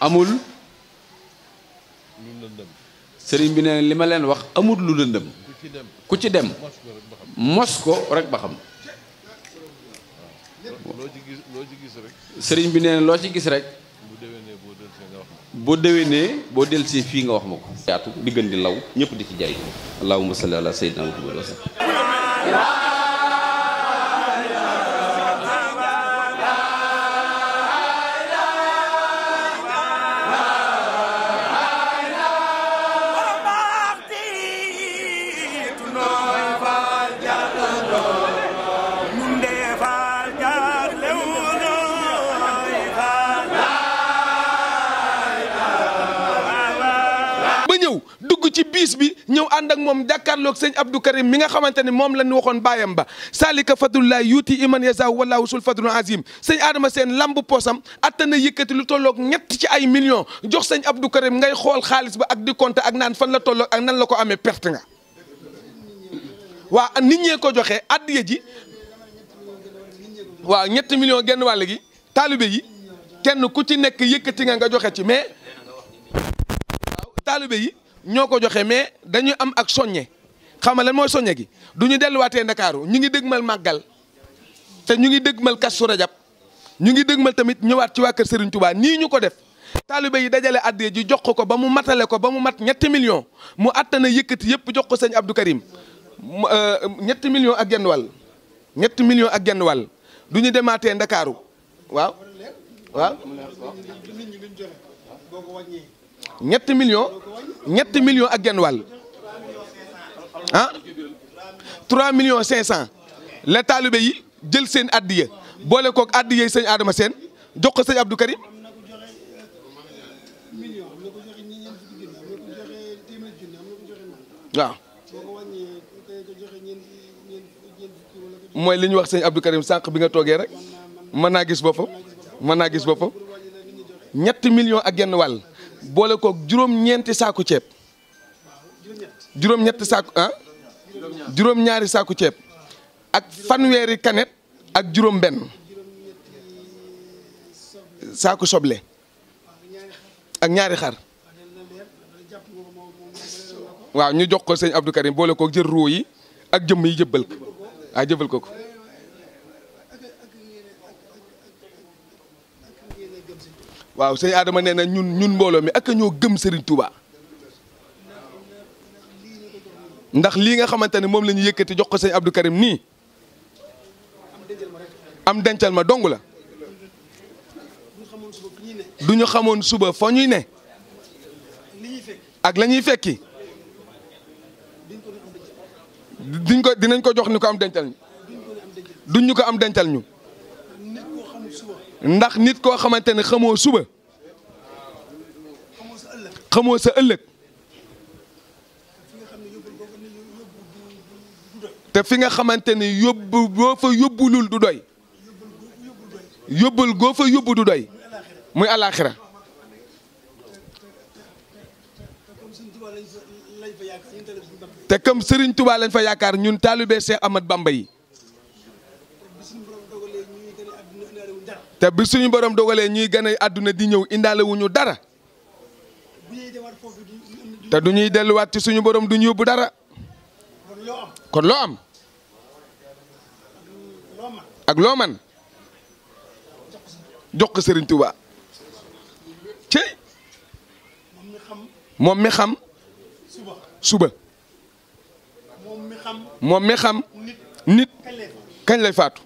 amul sëriñ bi nee li ma leen wax amul lu lëndëm ku ci dem mos ko rek ba xam sëriñ bi nee loo ci gis rek boo dewee ne boo dellusee fii nga wax ma ko. yaatu di gën di law ñëpp di ci jaay. allahumma salli ala sayyidina muhammad wa sallam piis bi ñëw ànd ak moom jàkkaarloog sëñ Abdou Karim mi nga xamante ne moom la ñu waxoon baayam ba saalika fadlullahi yuuti iman yasaa wallahu sul fadlun azim sëñ Adama Sène lamb poosam attana yëkkati lu tolloog ñett ci ay million jox sëñ Abdou Karim ngay xool xaalis ba ak di compter ak naan fan la tolloog ak nan la ko amee perte nga waa nit ñee ko joxe addiya ji waaw ñetti millions genn wàll gi taalibe yi kenn ku ci nekk yëkkati nga nga joxe ci mais waaw yi ñoo ko joxe mais dañuy am ak soññe xam nga lan mooy soññe gi du ñu delluwaatee ndakaaru ñu ngi dëgmal màggal te ñu ngi dëgmal Kazu Rajab ñu ngi mal tamit ñëwaat ci waa kër Serigne Touba nii ñu ko def. taalibe yi dajale adde ji jox ko ba mu matale ko ba mu mat ñetti million mu attana yëkkati yëpp jox ko sëñ Abdou Karim euh, ñetti million ak genn wàll ñetti million ak genn wàll du ñu demaatee ndakaaru waaw ñetti millions ñetti millions ak genn wàll ah 3 millions 500 la taalibe yi jël seen addiya boole kook addiya yi sëñ Adama seen jox ko sëñ Abdou Karim waaw mooy li ñu wax sëñ Abdou Karim sànq bi nga toogee rek mën naa gis boppam mën naa gis boppam ñetti millions ak genn wàll. boole koog juróom-ñeenti saaku ceeb juróom-ñetti saaku ah juróom-ñaari saaku ceeb ak fanweeri kanet ak juróom-benn saaku soble ak ñaari xar waaw ñu jox ko sëñ Abdou Karim boole koog jël ruu yi ak jëmm yi jëbbal ko waaw ah, jëbbal ko ko. waaw sëñ Adama nee na ñun ñun mbooloo mi ak ñoo gëm Serigne Touba ndax lii nga xamante ne moom lañuy ñu yëkkati jox ko sëñ Abdou Karim nii am dencal ma dong la du ñu xamoon suba foo ñuy ne ak lañuy ñuy fekki ko dinañ ko jox ni ko am dencal ñu duñ ñu ko am dencal ñu. ndax nit koo xamante ne xamoo suba xamoo sa ëllëg te fi nga xamante ni yóbbu boo fa yóbbulul du doy yóbbul goo fa yóbbu du doy muy alaaxira te comme Serigne Touba lañ fa yaakaar ñun taalibe Cheikh Ahmad Bamba yi te bi suñu borom dogalee ñuy gën a àdduna di ñëw indaalewuñu dara te du ñuy delluwaat ci suñu borom du ñu yóbbu dara kon loo am ak loo man jox ko Serigne Touba ci moom mi xam suba moom mi xam nit kañ lay faatu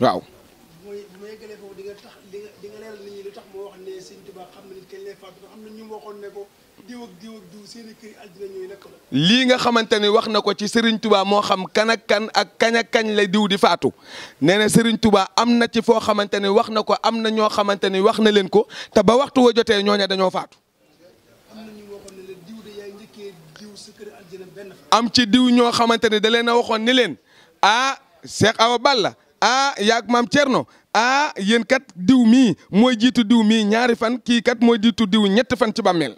waaw. lii nga xamante ni wax na ko ci sëriñ Touba moo xam kan kan ak kaña kañ la diw di faatu nee na Serigne Touba am na ci foo xamante ni wax na ko am na ñoo xamante ni wax na leen ko te ba waxtu wa jotee ñooña dañoo faatu. am ci diw ñoo xamante ni da leen a waxoon ni leen ah Cheikh Awa Balla ah yaag maam Thierno ah yéen kat diw mii mooy jiitu diw mii ñaari fan kii kat mooy jiitu diw ñett fan ci bàmmeel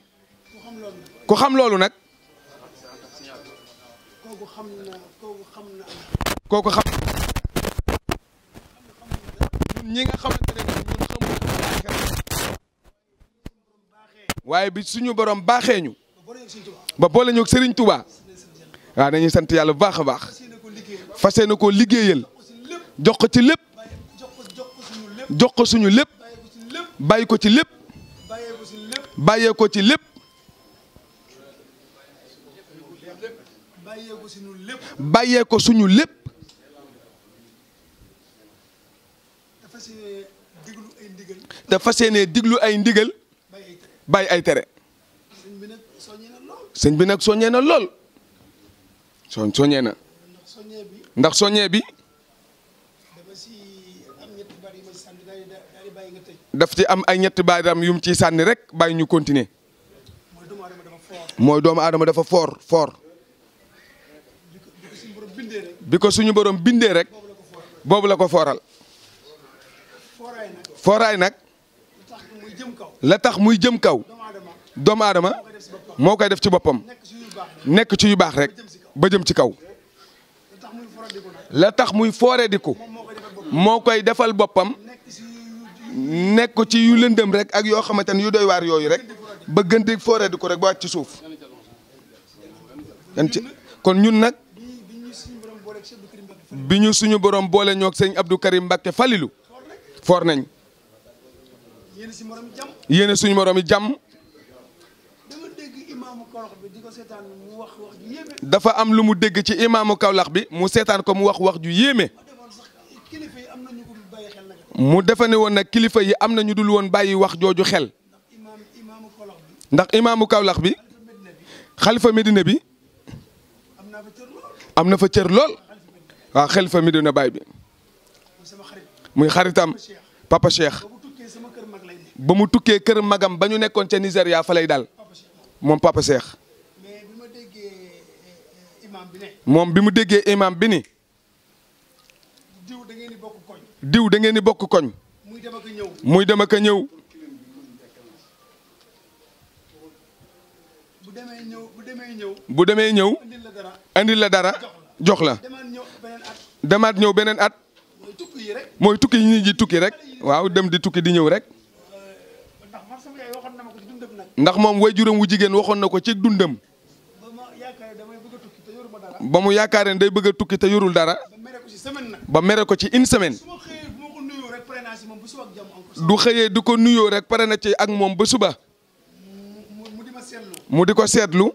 ku xam loolu nag kooku xam ñun ñi nga xamante ne ñun xamul waaye bi suñu borom baaxee ñu ba boole ñu ak Serigne Touba waaw nañuy sant yàlla bu baax a baax fas yéene koo liggéeyal jox ko ci lépp jox ko suñu lépp bàyyi ko ci lépp bàyyee ko ci lépp. bàyyee ko suñu lépp te fas diglu ay ndigal bàyyi ay tere sëñ bi nag soññee na lool soo soññee na ndax soññee bi daf ci am ay ñetti baaraam yu mu ciy sànni rek bàyyi ñu continuer mooy doomu aadama dafa foor foor bi ko suñu borom bindee rek boobu la ko fooral fooraay nag la tax muy jëm kaw doomu aadama moo koy def ci boppam nekk ci yu baax rek ba jëm ci kaw la tax muy foore moo koy defal boppam nekk ci yu lëndëm rek ak yoo xamante ne yu doy waar yooyu rek ba gën di foore ko rek ba wàcc ci suuf. kon ñun nag bi ñu suñu boroom boole ñoog sëñ Abdou Karim Mbacke Falilou for yéene suñu moroom yi jàmm dafa am lu mu dégg ci imaamu kawlax bi mu seetaan ko mu wax wax ju yéeme mu defe woon nag kilifa yi am na ñu dul woon bàyyi wax jooju xel ndax imaamu Kaolack bi xalifa Medina bi am na fa cër lool. waaw ah, xalifa na Baye bi muy xaritam papa Cheikh ba mu tukkee kër magam ba ñu nekkoon ca Nigéria fa lay dal moom papa Cheikh moom bi mu déggee imam bi ni diw da ngeen di bokk koñ muy dem ak ñëw bu demee ñëw bu demee ñëw andil la dara jox la demaat ñëw beneen at mooy tukki yi ñi ji tukki rek waaw dem di tukki di ñëw rek ndax moom waajuram wu jigéen waxoon na ko ci dundam ba mu yaakaaree day bëgg a tukki te yorul dara ba mere ko ci une semaine du xëyee di ko nuyoo rek pare na ci ak moom ba suba mu di ko seetlu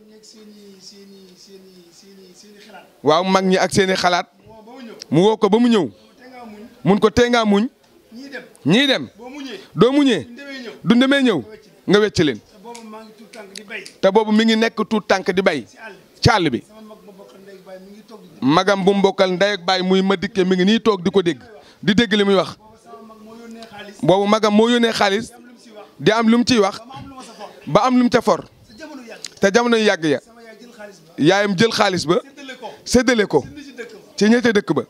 waaw mag ñi ak seeni xalaat mu wow ko ba mu ñëw mun ko tee ngaa muñ ñii dem doo muñee du ndemee ñëw nga wecc leen te boobu mi ngi nekk tuut tànk di bay ci àll bi magam bu mbokkal ndey bay baay muy ma dikke mi ngi nii toog di ko dégg di dégg li muy wax boobu magam moo yónnee xaalis di am lu mu ciy wax ba am lu mu ca for te jamono yàgg ya yaayam jël xaalis ba séddale ko ci ñette dëkk ba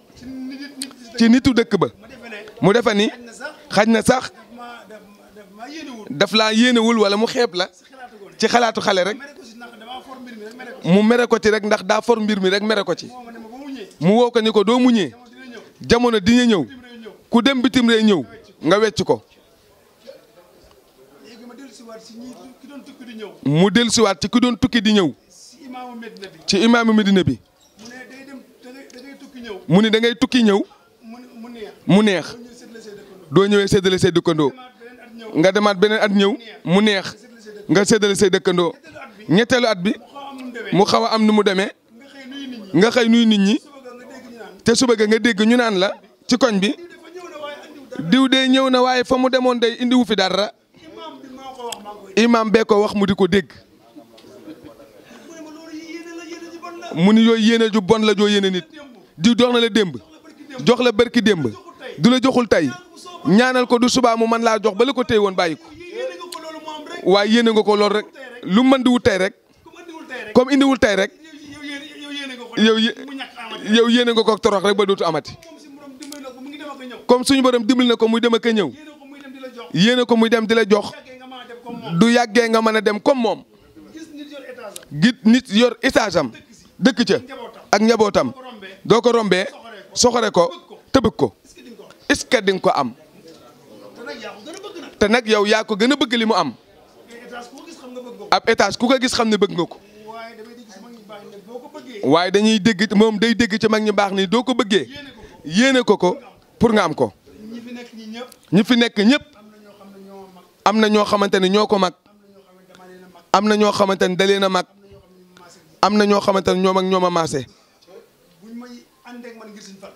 ci nitu dëkk ba mu defe ni xaj na sax daf laa yéenewul wala mu xeeb la ci xalaatu xale rek mu mere ko ci rek ndax daa for mbir mi rek mere ko ci mu woo ko ko doo muñee jamono dina ñëw ku dem bitim réew ñëw nga wecc ko mu siwaat ci ki doon tukki di ñëw ci imaamu Medina bi mu ni da ngay tukki ñëw mu neex doo ñëwee séddale say dëkkandoo nga demaat beneen at ñëw mu neex nga séddale say dëkkandoo ñetteelu at bi mu xaw a am nu mu demee nga xëy nuy nit ñi te suba ga nga dégg ñu naan la ci koñ bi diw dee ñëw na waaye fa mu demoon day indiwu fi dara imaam bee ko wax mu di ko dégg mu ni yooyu yéene ju bon la joo yéene nit diw dox na la démb jox la bërki démb du la joxul tey ñaanal ko du subaa mu man laa jox ba la ko téye woon bàyyi ko waaye yéene nga ko lool rek lu man di wut tey rek comme indiwul tey rek yow yow yéene nga ko torox rek ba dootu amati comme suñu borom dimbali na ko muy dem ak a ñëw yéene ko muy dem di la jox du yàggee nga man a dem comme moom git nit yor étage am dëkk ca ak njabootam doo ko rombee soxore ko tëbëg ko est-ce que di nga ko am te nag yow yaa ko gën a bëgg li mu am ab étage ku ko gis xam ne bëgg nga ko waaye dañuy dégg moom day dégg ci mag ñi baax nii doo ko bëggee yéene ko ko pour nga am ko ñi fi nekk ñëpp am na ñoo xamante ne ñoo ko mag am na ñoo xamante ne da a mag am na ñoo xamante ne ñoom ak ñoom a maase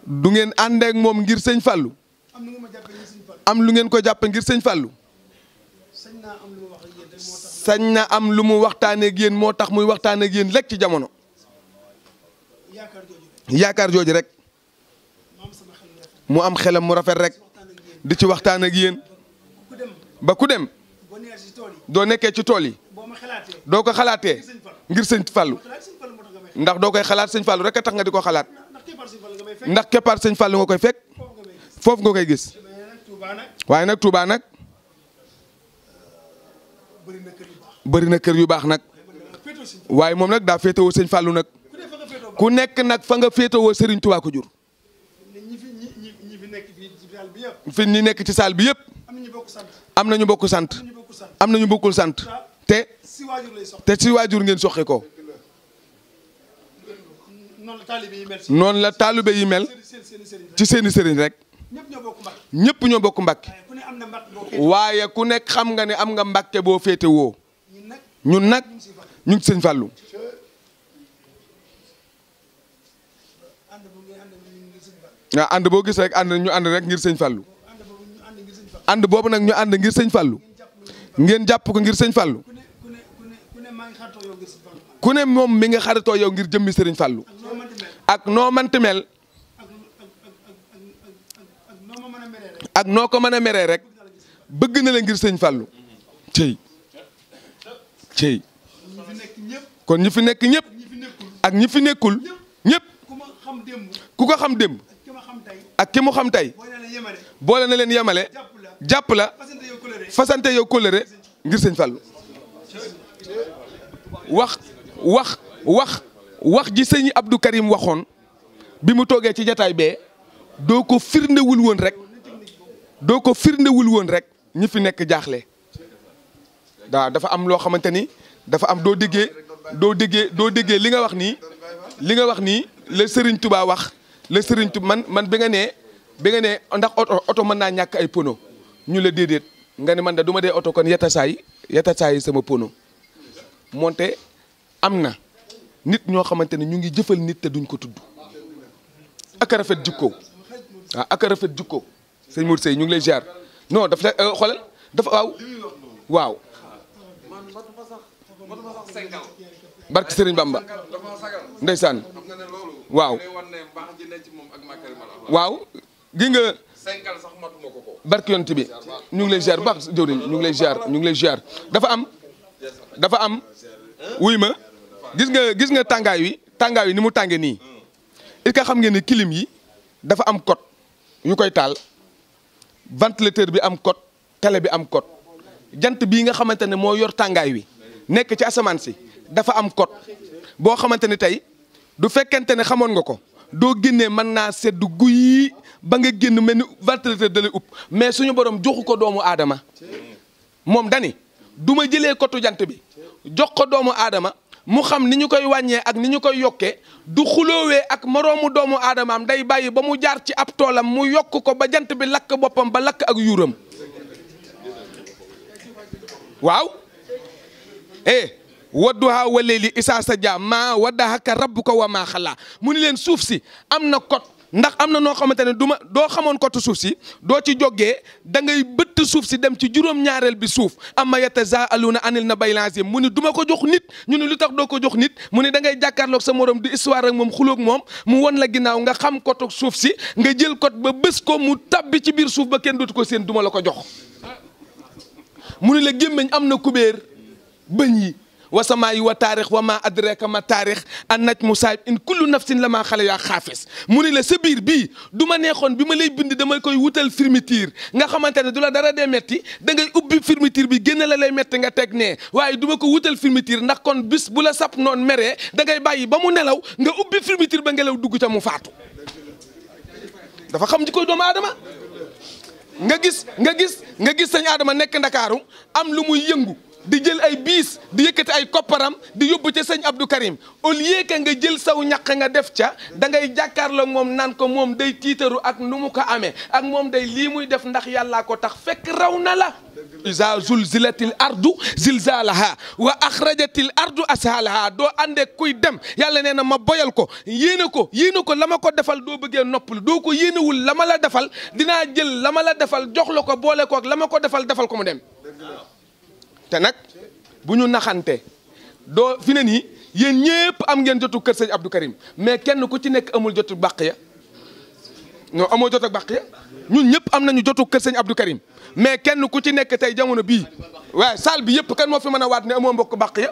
du ngeen ànd moom ngir sëñ Fallou am lu ngeen ko jàppe ngir sëñ Fallou sañ na am lu mu waxtaanee ak moo tax muy waxtaanee ak yéen lekk ci jamono yaakaar jooju rek mu am xelam mu rafet rek di ci waxtaan ak yéen ba ku dem doo nekkee ci tool yi doo ko xalaatee ngir sëñ Fallou ndax doo koy xalaat sëñ Fallou rek a tax nga di ko xalaat. ndax keppaar sëñ Fallou nga koy fekk foofu nga koy gis waaye nag Touba nag bëri na kër yu baax nag waaye moom nag daa féetewoo sëñ Fallou nag ku nekk nag fa nga féetewoo Serigne Touba ko jur. fi ñi nekk ci salle bi yëpp am na ñu bokk sant am na ñu bokkul sant te te si waajur ngeen soqe ko noonu la taalibe yi mel ci seeni sëriñ rek ñëpp ñoo bokk mbàkke waaye ku nekk xam nga ne am nga mbàkke boo féete woo ñun nag ñu ngi sëñ fàllu ah, boo gis ànd ñu ànd rek ngir sëñ fàllu ànd boobu nag ñu ànd ngir sëñ fàllu ngeen jàpp ko ngir sëñ fàllu ku ne moom mi nga xaritoo yow ngir jëmmi Serigne Fallou ak noo mënti mel ak noo ko mën a meree rek bëgg na la ngir Serigne Fallou cey cey kon ñi fi nekk ñëpp ak ñi fi nekkul ñëpp ku ko xam démb ak ki mu xam tey boole na leen yemale jàpp la fasante yow kóllëre ngir Serigne Fallou wax wax wax wax ji sëñ Abdou Karim waxoon bi mu toogee ci jataay bee doo ko firndewul woon rek doo ko firndewul woon rek ñi fi nekk jaaxle daa dafa am loo xamante ni dafa am doo déggee doo déggee doo déggee li nga wax nii li nga wax nii la sëriñ tubaa wax la Serigne Touba man man bi nga nee bi nga nee ndax oto oto mën naa ñàkk ay pono ñu la déedéet nga ne man da duma ma dee oto kon yetta saay yetta saay sama pono monte am na nit ñoo xamante ne ñu ngi jëfal nit te duñ ko tudd ak a rafet jikko waaw ah, ak a rafet jikko sëñ Mour Seye ñu ngi lay ziar non daf la euh, xoolal dafa waaw waaw. barke Serigne Bamba ndeysaan waaw waaw gi nga. barke yonent bi ñu ngi lay ziar bu ñu ngi lay ziar ñu ngi lay ziar dafa am dafa am wuy ma. gis nga gis nga tàngaay wi tàngaay wi ni mu tàngee nii est-ce xam ngeen ne clim yi dafa am code yu koy taal ventilateur bi am code télé bi am code jant bii nga xamante ne moo yor tàngaay wi nekk ci asamaan si dafa am code boo xamante ni tey du fekkente ne xamoon nga ko doo génnee mën naa sedd guyi ba nga génn mel ni ventilateur da upp mais suñu borom joxu ko doomu aadama moom dani du ma jëlee kotu jant bi jox ko doomu aadama mu xam ni ñu koy wàññee ak ni ñu koy yokkee du xuloowee ak moroomu doomu aadamaam day bàyyi ba mu jaar ci ab toolam mu yokk ko ba jant bi lakk boppam ba lakk ak yuuram waaw eh wadduhaa wa leeli isaa sa jaam maa waddahaka rabbuka ko maa xalaa mu ni leen suuf si am na kot ndax am na noo xamante ne du ma doo xamoon kottu suuf si doo ci jógee da ngay bëtt suuf si dem ci juróom-ñaareel bi suuf am a yatasaaluuna anil nabail azim mu ni duma ko jox nit ñu ni lu tax doo ko jox nit mu ni da ngay jàkkaarloog sa moroom di histoire ak moom xuloog moom mu won la ginnaaw nga xam kottu suuf si nga jël kot ba bés ko mu tàbbi ci biir suuf ba kenn dootu ko seen duma la ko jox mu ni la gémmiñ am na kubéer bëñ yi wa samaayi wa taarix wa maa adraka ma taarix an najmu saayib in kullu nafsin la maa xale yaa xaafis mu ni la sa biir bii du ma neexoon bi ma lay bind dama koy wutal firmitiir nga xamante ne du la dara dee metti dangay ngay ubbi fermeture bi génn la lay metti nga teg nee waaye duma ko wutal fermeture ndax kon bis bu la sap noon mere da ngay bàyyi ba mu nelaw nga ubbi fermeture ba ngelaw dugg ca mu faatu dafa xam ji koy doomu aadama nga gis nga gis nga gis sëñ aadama nekk ndakaaru am lu muy yëngu di jël ay biis di yëkkati ay kopparam di yóbbu ca sëñ Abdou Karim au lieu que nga jël saw ñaq nga def ca dangay ngay jàkkaarloo moom nan ko moom day tiitaru ak nu mu ko amee ak moom day lii muy def ndax yàllaa ko tax fekk raw na la isa zulzilatil ardu zilzalaha wa axrajatil ardu ashalaha doo àndee kuy dem yàlla nee na ma boyal ko yéene ko yéene ko la ma ko defal doo bëggee noppul doo ko yéenewul la ma la defal dinaa jël la ma la defal jox la ko boole ko ak la ma ko defal defal ko mu dem te nag bu ñu naxante doo fi ne nii yéen ñëpp am ngeen jotu kër sëñ Abdou Karim mais kenn ku ci nekk amul jotu bàq ya non amoo jot ak ñun ñëpp am nañu jotu kër sëñ Abdou Karim mais kenn ku ci nekk tey jamono bii waaye salle bi yëpp kan moo fi mën a waat ne amoo mbokk bàq ya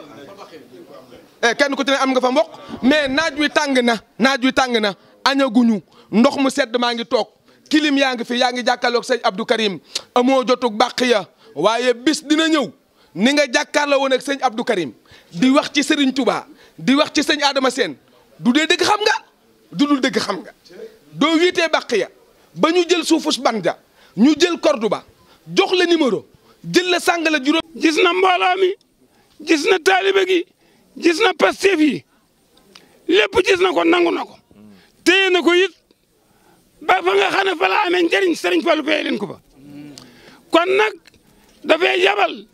eh kenn ku ci ne am nga fa mbokk mais naaj wi tàng na naaj wi tàng na añaguñu ndox mu sedd maa ngi toog kilim yaa ngi fi yaa ngi jàkkaarloog sëñ Abdou Karim amoo jotug bàq ya waaye bis dina ñëw ni nga jàkkaarloo woon ak sëñ Karim di wax ci Serigne Touba di wax ci sëñ Adama seen du dee dëgg xam nga du dul dëgg xam nga doo wiitee bàq ya ba ñu jël suufus banja ñu jël kordu ba jox la numéro jël la sàng juróom. gis na mbooloo mi gis na taalibe gi gis na Pastef yi lépp gis na ko nangu na ko téye na ko it ba fa nga xam ne fa la amee njëriñ Serigne Fallou fee leen ko ba kon nag dafay yabal.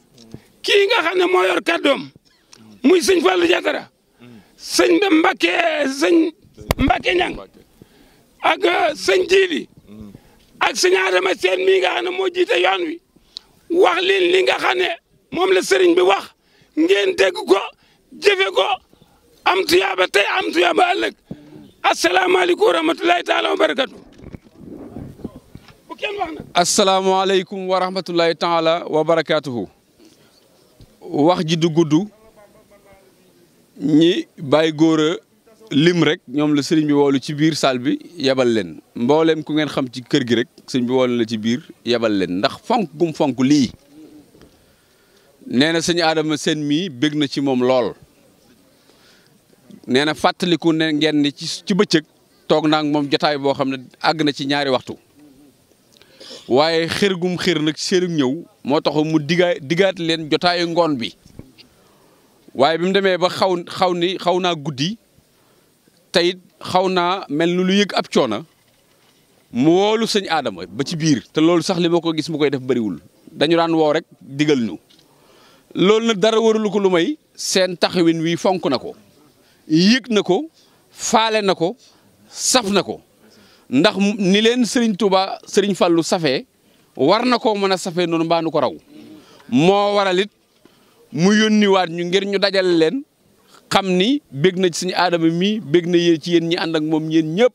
kii nga xam ne moo yor kàddoom muy sëñ Fallou Diatara sëñ de Mbacke sëñ Mbacke Ñang ak euh, sëñ Jiili ak sëñ Adama Seen mii nga xam moo jiite yoon wi wax leen li nga xam moom la sëriñ bi wax ngeen dégg ko jëfe ko am tuyaaba tey am tuyaaba ëllëg asalaamaaleykum wa rahmatulahi taala wa wax ji du gudd ñi bàyyi góor lim rek ñoom la sëriñ bi woolu ci biir saal bi yebal leen mbooleem ku ngeen xam ci kër gi rek sëriñ bi woolu la ci biir yebal leen ndax fonk gum fonk lii nee na sëñ Adama Sène mii bég na ci moom lool nee na fàttaliku ne ngeen ni ci ci bëccëg toog naa moom jotaay boo xam ne àgg na ci ñaari waxtu waaye xër gum xër nag seenu ñëw moo tax mu digaay digaat leen jotaayu ngoon bi waaye bi mu demee ba xaw xaw ni xaw naa guddi teyit xaw naa mel ni lu yëg ab coona mu woolu sëñ aadama ba ci biir te loolu sax li ma ko gis mu koy def bëriwul dañu daan woo rek digal ñu loolu nag dara warulu ko lu may seen taxawin wi fonk na ko yëg na ko faale na ko saf na ko ndax ni leen Serigne Touba Serigne Fallou safee war na koo mën a safee noonu mbaa nu ko raw moo waralit it mu yónniwaat ñu ngir ñu dajale leen xam ni bég na ci suñu aadama mii bég na yéen ci yéen ñi ànd ak moom yéen ñëpp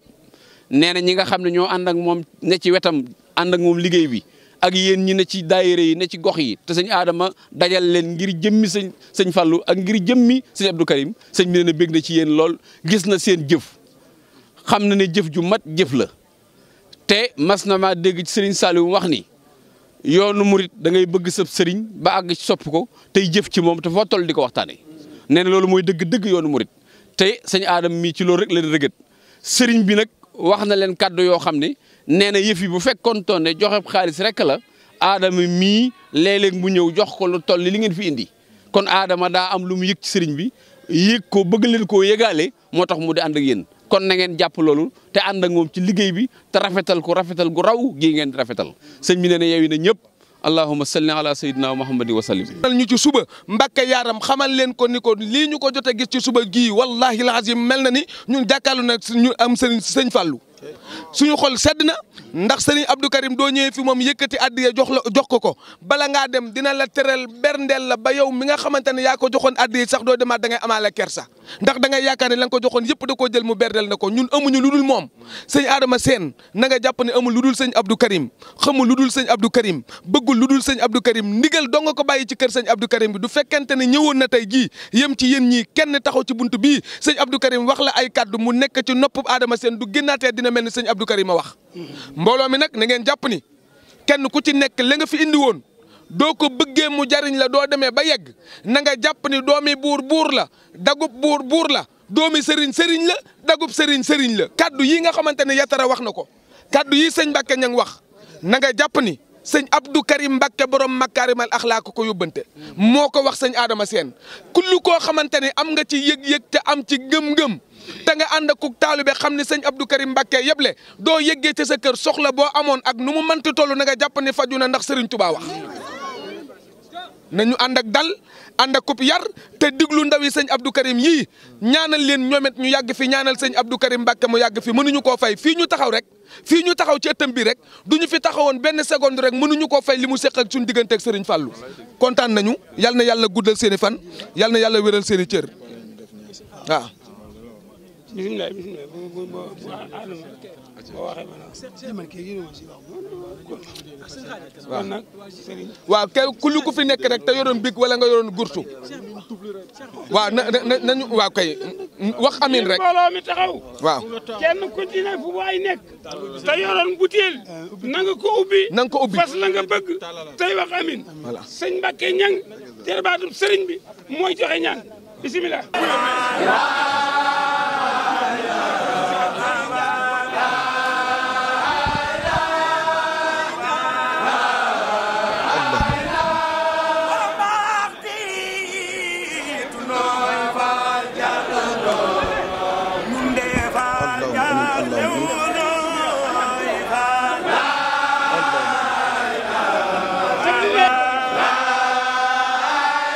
nee na ñi nga xam ne ñoo ànd ak moom ne ci wetam ànd ak moom liggéey bi ak yéen ñi ne ci daayira yi ne ci gox yi te sëñ aadama dajale leen ngir jëmmi sëñ sëñ Fallou ak ngir jëmmi sëñ Abdou Karim sëñ bi ne bég na ci yéen lool gis na seen jëf xam na ne jëf ju mat jëf la te mas na maa dégg ci sëriñ Saliou wax ni yoonu murit dangay bëgg sëb sëriñ ba àgg ci sopp ko tey jëf ci moom te foo toll di ko waxtaanee nee na loolu mooy dëgg-dëgg yoonu murit te sëñ aadam mii ci loolu rek la rëgët sëriñ bi nag wax na leen kàddu yoo xam ne nee na yëf yi bu fekkoontoon ne joxe xaalis rek la aadama mii léeg mu ñëw jox ko lu toll li ngeen fi indi kon adama daa am lu mu yëg ci sëriñ bi yëg ko bëgg leen koo yëgaale moo tax mu di ànd ak yéen kon na ngeen jàpp loolu te ànd ak moom ci liggéey bi te rafetal ko rafetal gu raw gii ngeen rafetal sëñ bi nee na yeewi na ñëpp allahuma salli ala sayyidina muhammadin wa sallim dal ñu ci suba mbàkke yaaram xamal leen kon ni ko lii ñu ko jote gis ci suba gii wallahi alazim mel na ni ñun jàkkaarlu nag ñu am sëriñ sëñ fàllu suñu xol sedd na ndax sëriñ Abdou Karim doo ñëwee fi moom yëkkati addiya jox la jox ko ko bala ngaa dem dina la teral berndeel la ba yow mi nga xamante ne yaa ko joxoon addiya sax doo demaat da ngay amaale kersa ndax da yaakaar ne la nga ko joxoon yëpp da koo jël mu berndeel na ko ñun amuñu lu dul moom sëñ Adama Sène nanga jàpp ne amul lu dul sëñ Abdou Karim xamul lu dul sëñ Abdou Karim bëggul lu dul sëñ Abdou Karim ndigal doo ko bàyyi ci kër sëñ Abdou Karim bi du fekkente ne ñëwoon na tey jii yem ci yéen ñii kenn taxaw ci bunt bii sëñ Abdou Karim wax la ay kàddu mu nekk ci nopp Adama du génnaatee dina mel ni sëñ Abdou Karim wax mbooloo mi nag na ngeen jàpp ni kenn ku ci nekk la nga fi indi woon doo ko bëggee mu jariñ la doo demee ba yegg na nga jàpp ni doomi buur buur la dagub buur buur la doomi sëriñ sëriñ la dagub sëriñ sëriñ la. kàddu yi nga xamante ne Yatara wax na ko kàddu yi sëñ Mbacke ña wax na nga jàpp ni. sëñ Abdou Karim Mbacke borom makaarimal axlaaq ko yóbbante moo ko wax sëñ aadama Seen kullu koo xamante ne am nga ci yëg-yëg te am ci ngëm-ngëm. te nga ànd ak taalibe xam ne sëñ Abdou Karim Mbacké yëpp le doo yëggee ci sa kër soxla boo amoon ak nu mu mënti toll na nga jàpp ne faju na ndax sëriñ Touba wax. nañu ànd ak dal ànd ak kub yar te diglu ndaw yi sëñ Abdou Karim yii ñaanal leen ñoomet ñu yàgg fi ñaanal sëñ Abdou Karim Mbacké mu yàgg fi mënuñu koo fay fii ñu taxaw rek fii ñu taxaw ci ëttam bi rek du ñu fi taxawoon benn seconde rek mënuñu koo fay li mu seq ak suñu diggante ak Serigne Fallou kontaan nañu yal na yàlla guddal seen fan yal yàlla wéral seen i cër bisimilah bisimilah bu bu bu waaw kenn ku lu ko fi nekk rek te yoroon big wala nga yoroon gurtu. waaw na na nañu waaw kay wax amin rek. mbooloo mi taxaw. waaw kenn nekk. te yoroon butéel. na ko ubbi. na ko ubbi fas la nga bëgg. tey wax amin. voilà sëñ Mbacke ñang jërëbaatu sëriñ bi mooy joxe ñaan. bismillah